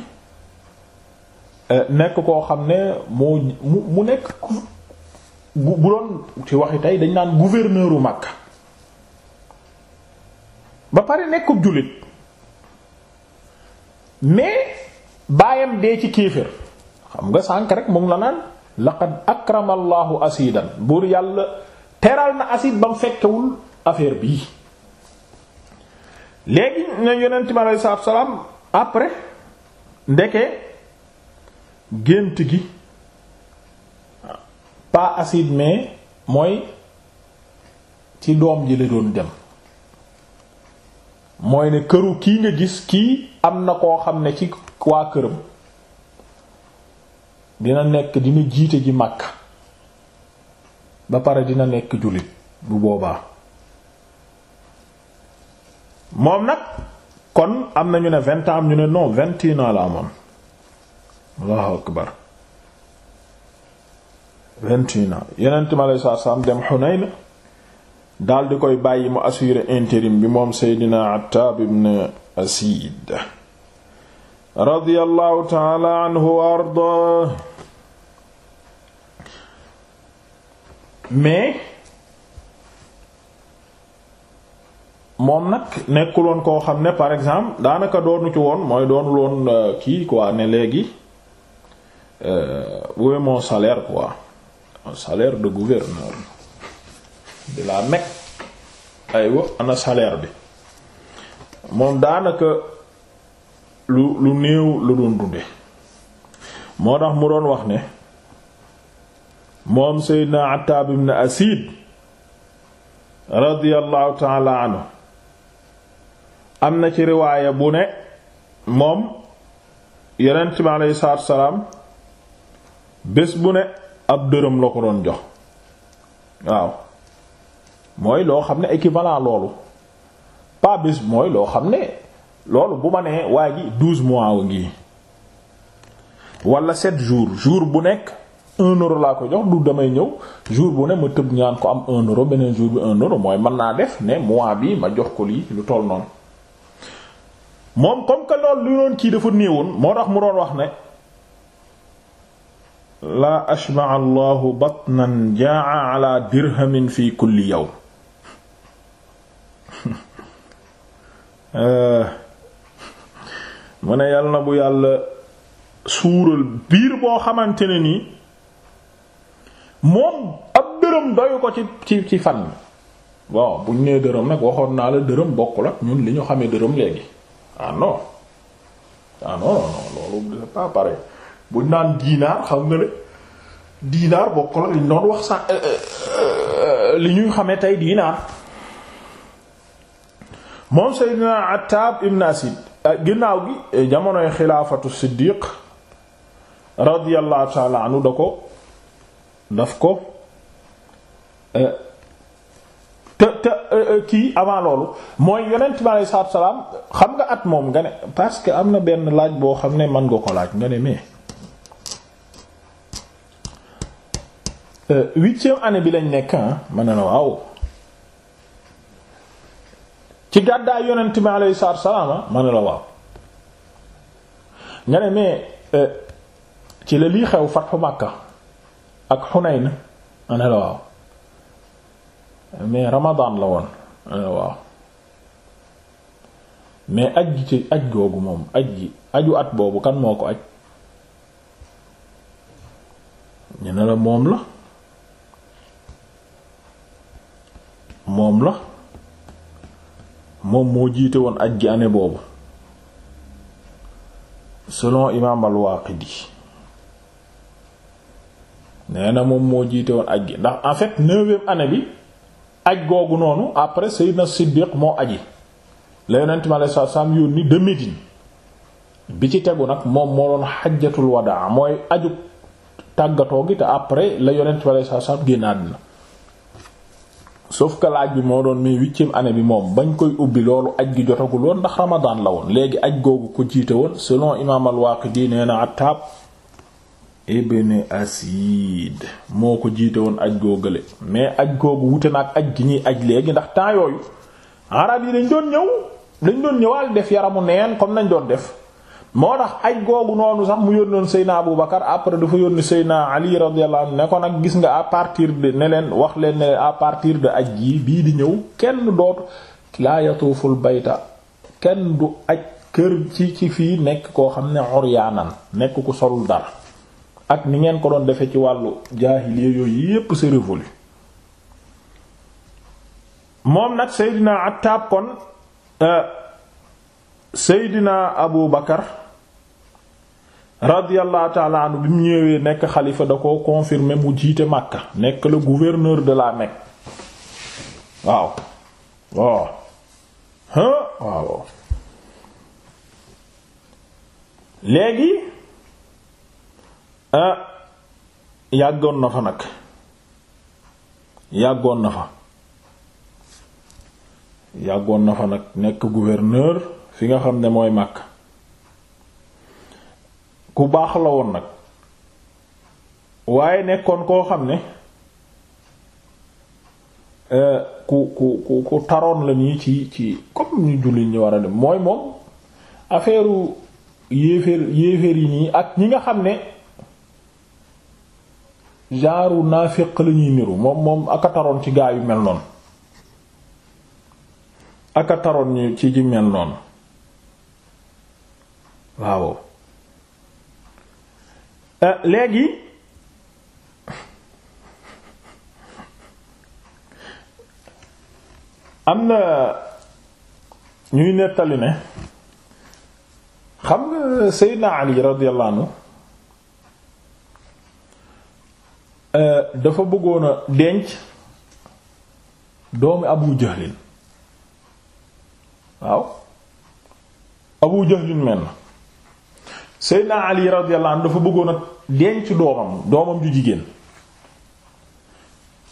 euh, nekk koo xam ne moo mu mu nekk bu doon ci waxi tey dañ naan gouverneur u Makka ba pare nekkub jullit mais baayam dee ci kéefër xam nga sànk rek mu ngi la naan laqad akramallahu asidan buur yàlla teral na asid bam fekkewul affaire bii léegi ne yonent bi aleyhi salaatu salaam après ndeke gént gi pa acide mais mooy ci doom ji la doon dem mooy ne këru kii nga gis kii am na koo xam ne ci waa këram dina nekk dina jiite ji Makka ba pare dina nekk jullit bu boobaa moom nag kon am na ñu ne vingt ans am ñu ne non vingt et un ans la amoon akbar vingt et un ans yeneen ma lay saa saam dem Hunayn daal di koy bàyyi mu assurer intérim bi moom Seydina Attab ibn Asid radiyallahu ta'ala anhu wa arda mais moom nag nekkuloon koo xam ne par exemple daanaka doonu ci woon mooy doonul loon euh, kii quoi ne léegi euh, où est mon salaire quoi mon salaire de gouverneur de la Mecque aywa ana salaire bi moom daanaka lu lu néew lu doon dunde moo tax mu doon wax ne moom Seydina Attaab ibn Asiid radiyallahu ta'ala anhu am na ci riwaaya bu ne moom yeneen bi aleyhi salaatu salaam bés bu ne ab dërëm la ko doon jox waaw mooy loo xam ne équivalent loolu pas bés mooy loo xam ne loolu bu ma nee waa ji douze mois wa ngi wala sept jours jour bu nekk un euro laa ko jox du damay ñëw jour bu ne ma tëb ñaan ko am un euro beneen jour bi un euro mooy mën naa def ne mois bi ma jox ko lii lu tool noonu moom comme que loolu lu doon kii dafa néewoon moo tax mu doon wax ne laa ashbaa allahu batnan jaa ala dirhamin fi kulli yawm mu ne yàlla na bu yàlla suural biir boo xamante ne nii moom ab dërëm doyu ko ci ci ci fan waaw buñ nee dërëm nag waxoon naa la dërëm bokkul ak ñun li ñu xamee dërëm léegi ah non ah bu non pas pareil buñ naan diinaar xam nga ne diinaar bokkul ak li ñu wax sa euh, euh, euh, li ñuy xamee tey diinaar moom Seydina Attab ibn Asid ginnaaw gi jamonoy xilaafatu Siddiq radiyallahu ta'ala anhu da ko daf ko. te te euh, euh, kii avant loolu mooy yonent bi alayhi salaatu salaam xam nga at moom nga ne parce que am na benn laaj boo xam ne mën nga ko laaj nga ne mais euh, huitième année bi lañ nekk ah ma ne la waaw ci gàddaay yonent bi alayhi salaatu salaam la waaw nga ne mais ci la lii xew fa Makka ak Hunayn ma ne la waaw. mais Ramadan la woon euh, waaw mais aj gi ci aj googu moom aj gi aju at boobu kan moo ko aj ñu ne la moom la moom la moom moo jiite woon aj gi année boobu selon imaam al-Waaqidi nee na moom moo jiite woon aj gi ndax en fait neuvième année bi aj googu noonu après Seydina Siddiq moo aji la yonent mi alayhi salaatu salaam yónni bi ci tegu nag moom moo doon xajjatul wadaa mooy aju tàggatoo gi te après la yonent mi alayhi salaatu salaam génn àddina sauf que laaj bi moo doon mais huitième année bi moom bañ koy ubbi loolu aj gi jotagul woon ndax Ramadan la woon léegi aj googu ko jiite woon selon imaam al-Waaqidi nee na ibn asiid moo ko jiite woon aj googale mais aj googu wute na ak aj gi ñuy aj léegi ndax temps yooyu arab yi dañ doon ñëw dañ doon ñëwaal def yaramu neen comme nañ doon def moo tax aj googu noonu sax mu yónnoon Seyna Abu Bakar après dafa yónni Seyna Ali radiyallahu anhu ne ko nag gis nga à partir de ne leen wax leen ne à partir de aj yi bii di ñëw kenn dootu laa yatuuful bayta kenn du aj kër ci ci fii nekk koo xam ne uryaanan nekk ku solul dara ak ni ngeen ko doon defee ci wàllu jaahiliya yooyu yépp c'est révolu moom nag Seydina Attaab kon euh, Seydina Abu Bakar radiyallahu taala anhu bi ñëwee nekk xalifa da ko confirmer mu jiite Makka nekk le gouverneur de la Mecque waaw waaw waaw léegi Ah, yàggoon na fa nag yàggoon na fa yàggoon na fa nag nekk gouverneur fi nga xam ne mooy Makka ku baax la woon nag waaye nekkoon koo xam ne eh, ku ku ku ku taroon la nii ci ci comme ñu julli ñu war a dem mooy moom affaire yéeféer yéeféer yi nii ak ñi nga xam ne genre naafiq la ñuy niru moom moom aka taroon ci gaa yu mel noonu aka taroon ñu ci ji mel noonu waaw euh, léegi am na ñuy nettali ne xam nga Seydina Ali radiyallahu Euh, dafa bëggoon a denc doomi abu jahlin waaw abu jahlin mel na seydna ali radiyallahu anhu dafa bëggoon a denc doomam doomam ju jigéen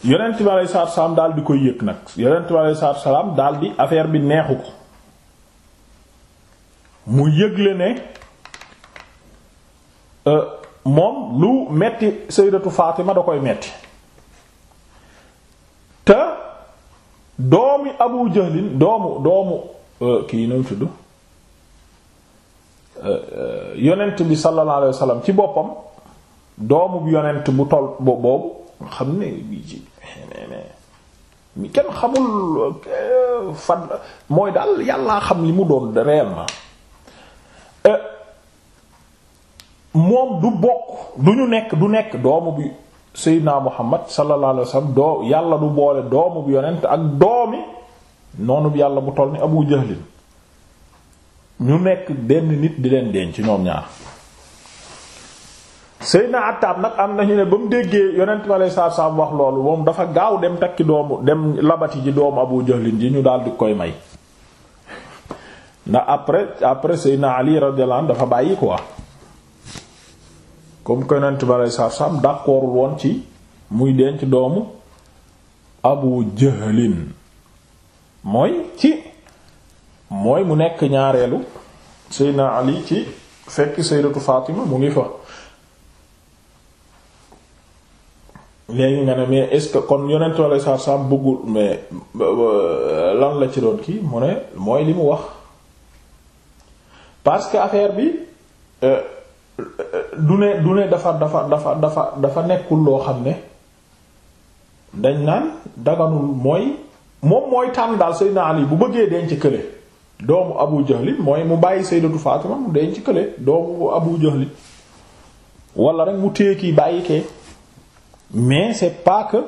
yonent bi aleyhi salaatu salaam daal di koy yëg nag yonent bi aleyhi salaatu salaam daal di affaire bi neexu ko mu yëgle ne euh, moom lu metti sayyidatu Fatima da koy metti te doomi Abu Jahlin doomu doomu euh, kii noonu tudd euh, euh, yonent bi sallallahu alayhi wasallam ci boppam doomu yonent bu toll boobu xam ne bii ci mi kenn xamul fan mooy daal yàllaa xam li mu doon réellement moom du bokk du ñu nekk du nekk doomu bi Seydina Muhammad sallallahu alayhi wa sallam doo yàlla du boole doomu bi yonent ak doomi noonu bi yàlla bu toll ni Abu Jahlin ñu nekk denn nit di leen denc ñoom ñaar Seydina Attaab nag am nañu ne ba mu déggee yonent bi alayhi salaatu salaam wax loolu moom dafa gaaw dem takki doomu dem labati ji doomu Abu Jahlin ji ñu daal di koy may ndax après après Seydina Ali radiyallahu dafa bàyyi quoi. comme que yonent bi aleyhi salaatu salaam d'accordul woon ci muy denc doomu abu jahlin mooy ci mooy mu nekk ñaareelu seydna ali ci fekk sayyidatu fatima mu ngi fa léegi nga ne mais est-ce que kon yonentu Yàlla saar saam bëggul mais euh, lan la ci doon kii mu ne mooy li mu wax parce que affaire bi euh, dune dune du ne dafa dafa dafa dafa dafa nekkul loo xam ne dañ naan daganul mooy moom mooy tànn daal naa Ali bu bëggee denc kële doomu Abu Jahl mooy mu bàyyi Sayyidatu Fatima mu denc kële doomu Abu Jahl wala rek mu téye kii bàyyi mais c'est pas que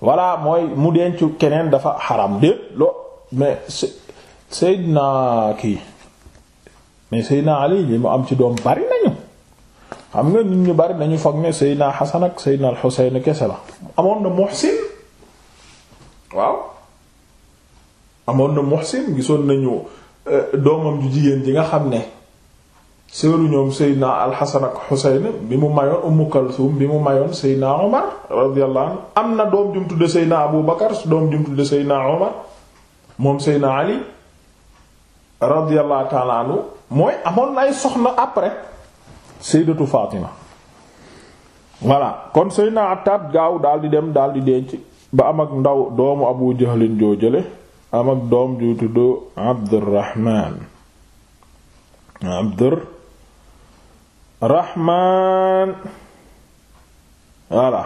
mooy mu dencu keneen dafa xaram déet loo mais Seydina kii mais Seydina Ali li mu am ci doom bari nañu. xam nga nit ñu bari nañu foog ne Seydina Xasan ak Seydina Xuseyn kese la amoon na Muhsin waaw amoon na Muhsin gisoon nañu euh, doomam ju jigéen ji nga xam ne seeru ñoom Seydina Alxasan ak Xuseyn bi mu mayoon Ummu Kalsum bi mu mayoon Seydina Omar radiyallahu anhu am na doom ju mu tudde Seydina Abu Bakar doom ju mu tudde Omar moom Seydina Ali radiyallahu ta'ala mooy amoon na ay soxna après sayyidatu Fatima voilà kon Seydina Attaab gaaw daal di dem daal di denc ba am ak ndaw doomu Abu Jahlin joo am ak doom ju tudd Abdurrahman Abdurrahman voilà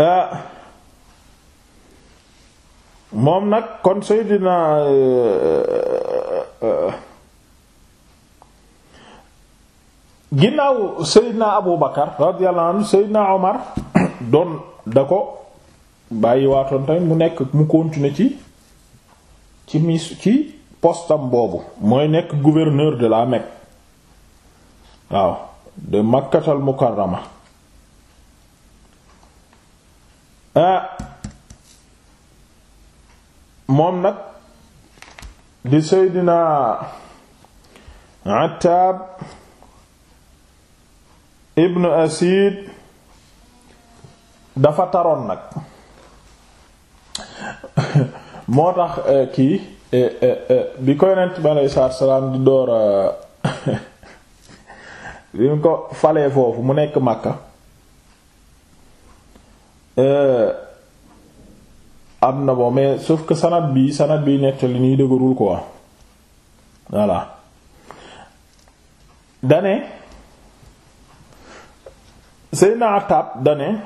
euh, moom nag kon Seydina euh, euh, ginnaaw Seydina Abu Bakar radiyallahu anhu Seydina Omar doon da ko bàyyi waatoon tamit mu nekk mu continuer ci ci mis ci postam boobu mooy nekk gouverneur de la Mecque waaw de Makkatal Mukarrama ah, moom nag di Seydina Attab ibnu asiid dafa taroon nag moo tax eh, kii eh, eh, bi ko yonent bi aleyhi salaatu salaam di doora bi mu ko falee foofu mu nekk Makka am na bon mais sauf que sanad bi sanad bi nettali ñuy dëgërul quoi voilà dane Seyna Atab dane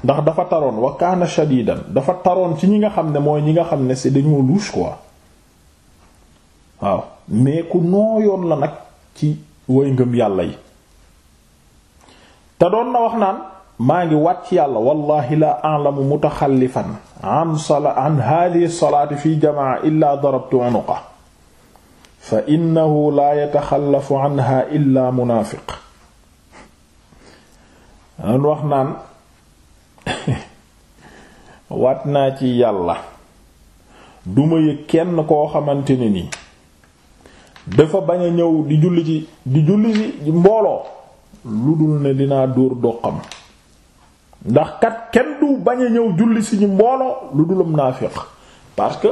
ndax dafa taroon wa kaana shadidan dafa taroon ci ñi nga xam ne mooy ñi nga xam ne si dañoo louche quoi waaw mais ku nooyoon la nag ci way ngëm yàlla yi te doon na wax naan maa ngi wàcc yàlla wallahi la a'lamu mutaxallifan an sala an hadhihi salaati fi jamaa illa darabtu unuqa fa innahu la yataxallafu anha illa munaafiq an wax naan waat naa ci yàlla duma yëg kenn koo xamante ne nii dafa bañ a ñëw di julli ci di julli ci mbooloo lu dul ne dinaa dóor doqam ndax kat kenn du bañ a ñëw julli ci mbooloo lu dul munaafiq parce que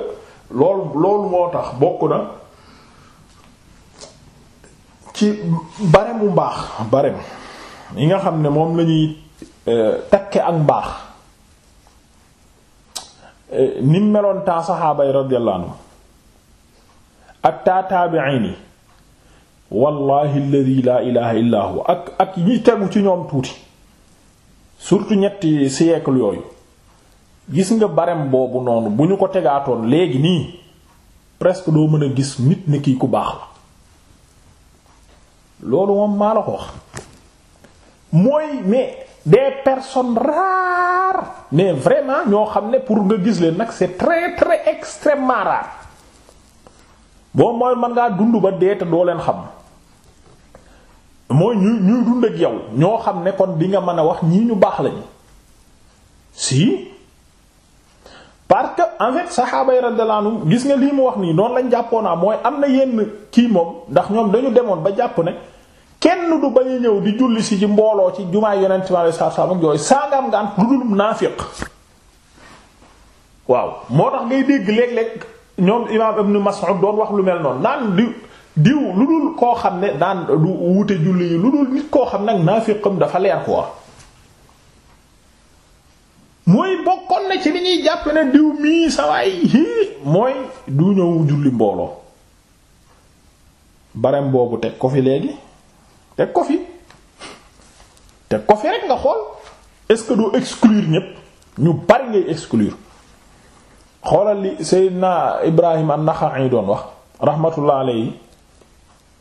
loolu loolu moo tax bokk na ci baremu mbaax barem yi nga xam ne moom lañuy ñuy euh, takke ak mbaax euh, ni meloon taa saxaaba yi radiyallahu ak taa taabi'iin yi wallahi alladhi laa ilaha illaa huwa ak ak ñi tegu ci ñoom tuuti surtout ñetti siècle yooyu gis nga barem boobu noonu bu ñu ko tegaatoon léegi nii presque doo mën a gis nit ni ki ku baax la loolu moom maa la ko mooy mais des personne rares mais vraiment ñoo xam ne pour nga gis leen nag c'est très très extrêmement rare boo mooy mën ngaa dund ba dee doo leen xam mooy ñu ñuy dund ak yow ñoo xam ne kon di nga mën a wax ñii ñu baax lañu si parce que en fait saxaaba yi radiyallahu gis nga lii mu wax nii noonu lañ jàppoonaa ah, mooy am na yenn kii moom ndax ñoom dañu demoon ba jàpp ne kenn du bañ a ñëw di julli si ci mbooloo ci jumaay yonent bi alayhi salaatu salaam ak yooyu saa nga am nga am lu dul naafiq waaw moo tax ngay dégg léeg-léeg ñoom imaam ibnu Mas'ud doon wax lu mel noonu naan diw diw lu dul koo xam ne daan du wute julli yi lu dul nit koo xam nag naafiqam dafa leer ko mooy bokkoon na ci li ñuy jàpp ne diw mii sawaay mooy du ñëw julli mbooloo barem boobu teg ko fi léegi teg kofi fi teg ko fi rek nga xool est doo exclure ñépp ñu bari ngay exclure xoolal li Seydina Ibrahim an-Naxa'i doon wax rahmatullah alayhi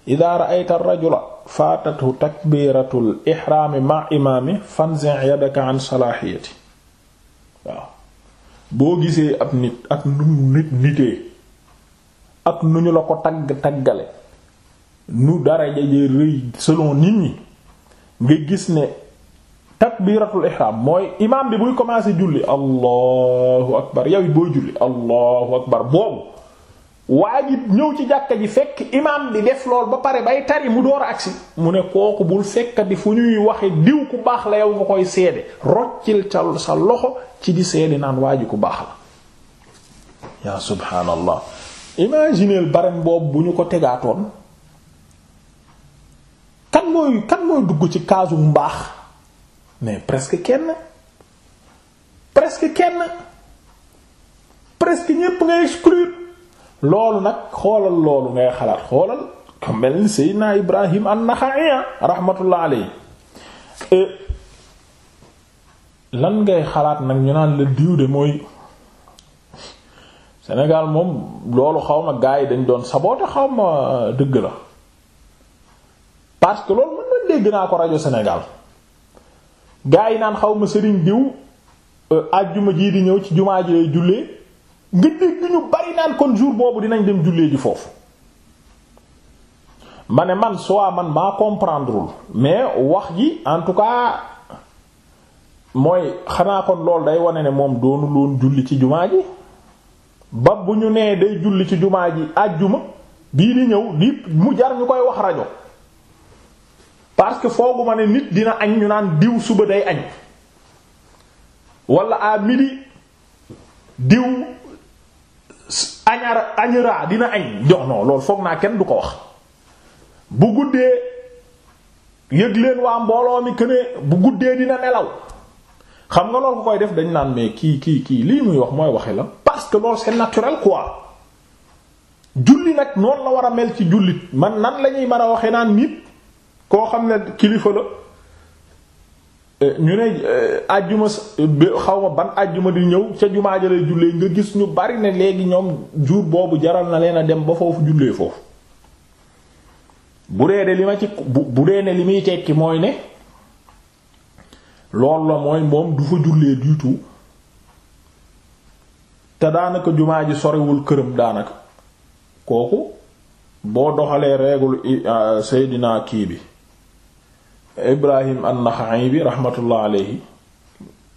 ida ra'ayta ar-rajula faatathu takbiratul ihraami ma imaami fanzi' yadaka an salahiyati waaw boo gisee ab nit ak nu nit nitee ak nu ñu la ko tagg taggale nu daraja ji rëy selon nit ñi nga gis ne takbiratul ihram mooy imaam bi buy commencer julli allahu akbar yow it julli allahu akbar boobu waa ñëw ci jàkka ji fekk imaam bi def lool ba pare bay tari mu door agsi mu ne kooku bul fekk di fu ñuy waxe diw ku baax la yow nga koy seede roccil ca sa loxo ci di seede naan waa ku baax la yaa subhaanallah imagineel barem boobu bu ñu ko tegaatoon kan mooy kan mooy dugg ci kaasu baax mais presque kenn presque kenn presque ñépp ngay exclure loolu nag xoolal loolu ngay xalaat xoolal ko mel ni Seydina Ibrahim an-Naxa'i rahmatullah alayhi e, lan ngay xalaat nag ñu naan la diw de mooy Sénégal moom loolu xaw ma gaa yi dañ doon saboter xaw ma dëgg la parce que loolu mën na dégg naa ko rajo Sénégal gars yi naan xaw ma sëriñ diw ajjuma euh, jii di ñëw ci jumaa ji lay jullee nga dégg ñu bari naan kon jour boobu dinañ dem jullee ji foofu ma ne man soit man maa comprendrewul mais wax ji en tout cas mooy xanaa kon loolu day wane ne moom doonu loon julli ci jumaa ji ba bu ñu nee day julli ci jumaa ji ajjuma bii di ñëw di mu jar ñu koy wax rajo parce que foogu ma ne nit dina añ ñu naan diw suba day añ wala à midi diw añara añara dina añ jox non loolu foog naa kenn du ko wax bu guddee yëg leen waa mbooloo mi que bu guddee dina nelaw xam nga loolu ko koy def dañ naan mais kii kii kii lii muy wax mooy waxee la parce que loolu seen naturel quoi julli nag noonu la war a mel ci jullit man nan la ñuy mën a waxee naan nit koo xam ne kilifa la eh, ñu ne eh, àjjuma xaw ma ban àjjuma di ñëw ca jumaa ja lay jullee nga gis ñu bari ne léegi ñoom jour boobu jaral na leen a dem ba foofu jullee foofu bu dee de li ma ci bu dee ne li muy tekki mooy ne loolu la mooy moom du fa jullee du te daanaka jumaa ji sorewul këram daanaka kooku boo doxalee reegul eh, Seydina kii bi Ibrahim an-Naxa'i bi rahmatullah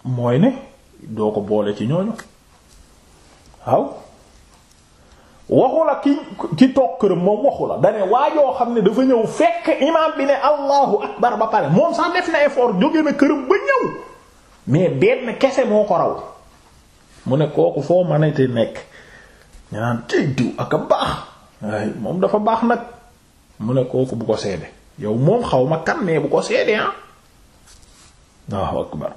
mooy ne doo ko boole ci ñooñu waaw waxu la ki ki toog këram moom waxu la dane waa joo xam ne dafa ñëw fekk imaam bi ne allahu akbar ba pare moom sax def na effort jóge na këram ba ñëw mais benn kese moo ko raw mu ne kooku foo mënatee nekk ñu naan diw ak a baax waaye moom dafa baax nag mu ne kooku bu ko seede yow moom xaw ma kan mais bu ko seede ah waaw akbar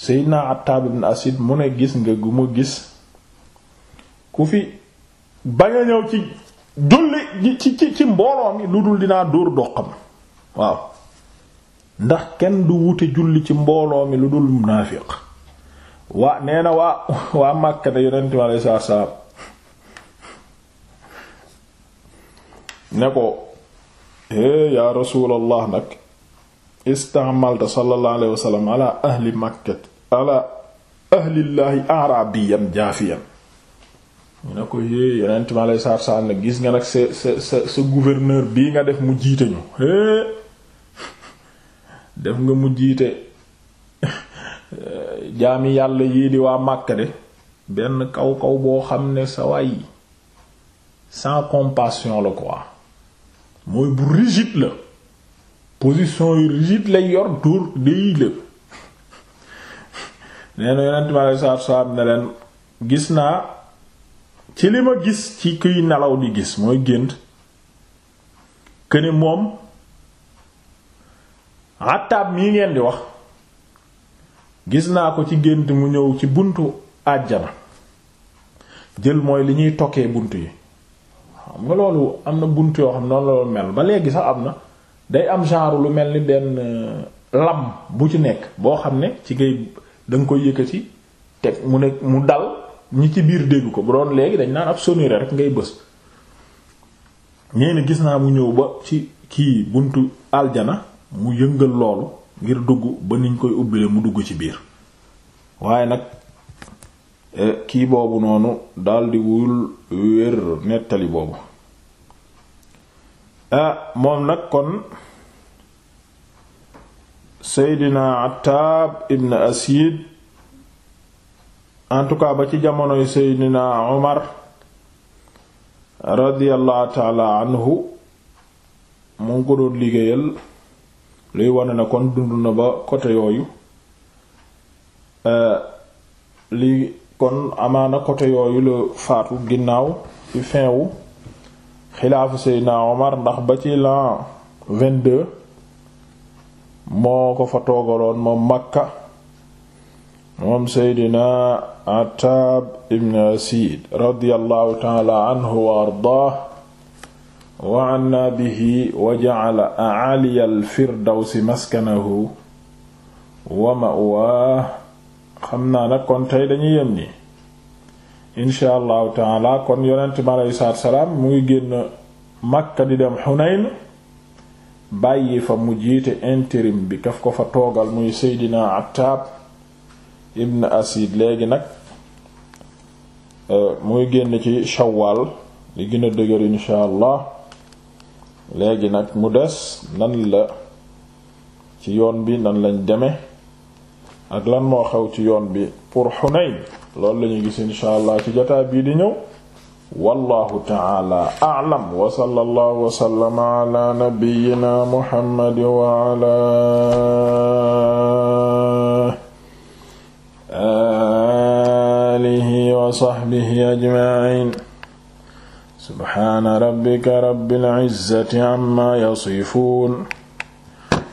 Seydina Attab ibn Asid mu ne gis nga gu ma gis ku fi bañ a ñëw ci julli ci ci mbooloo mi lu dul dinaa dóor doqam waaw ndax kenn du wute julli ci mbooloo mi lu dul munaafiq waa nee na waa waa Makka ne yonent mi alayhi salaam ne ko é yaa rasulallah nag istaamalta sallallahu alayhi wasallam ala ahli makkat ala ahlillaahi arabiyan jaafiyan ne ko é gis nga nag sa sa sa sa bii nga def mu jiite ñu é def nga mu jiite jaami yàlla yii di waa Makka de benn kaw kaw boo xam ne sa waay sans compassion la quoi mooy bu rigide la position yu rigide lay yor dóor day la nee na yonent ma lay saab saab gis naa ci li ma gis ci kuy nelaw di gis mooy gént këni moom Attaab mii ngeen di wax gis naa ko ci gént mu ñëw ci buntu àjjana jël mooy li ñuy tokkee bunt yi xam nga loolu am na bunt yoo xam noonu la loolu mel ba léegi sax am na day am genre lu mel ni benn euh, lam bu ci nekk boo xam ne ci ngay da nga koy yëkkati teg mu ne mu dal ñi ci biir dégg ko ba doon léegi dañ naan ab sonnerie rek ngay bës ñeeni gis naa mu ñëw ba ci kii buntu aljana mu yëngal loolu ngir dugg ba niñ koy ubbile mu dugg ci biir waaye nag E, kii boobu noonu daldi wul wér nettali boobu e, moom nag kon seydina Attaab ibn Asiid en tout cas ba ci jamonoy seydina Umar radiyallahu taala anhu mu ko doon liggéeyal luy wane na kon dund na ba côté yooyu e, li kon amaana côté yooyu la faatu ginnaaw ci fin wu xilaafu Seydina Omar ndax ba ci l'an vingt-deux moo ko fa toogaloon moom Makka moom Seydina Attaab ibn Asiid radiyallahu taala anhu wa ardaah wa anna bihi wa ja'ala a'aliya al-firdawsi maskanahu wa ma'waahu xam naa nag kon tey dañuy yem ni insha allahu taala kon yonent mi aleyhi salaatu salaam mu ngi génn Makka di dem Xunayn bàyyi fa mu jiite intérim bi kaf ko fa toogal muy Seydina Attaab ibn Asid léegi nag euh, muy génn ci Shawwal li gën a dëgër insha allah léegi nag mu des nan la ci yoon bi nan lañ deme ak lan moo xew ci yoon bi pour Hunayn loolu lañu gis insha allah ci jotaay bii di ñëw wallahu ta'ala a'lam wa sallallahu wa sallama ala nabiyyina Muhammad wa ala alihi wa sahbihi ajma'in subhana rabbika rabbil izzati amma yasifun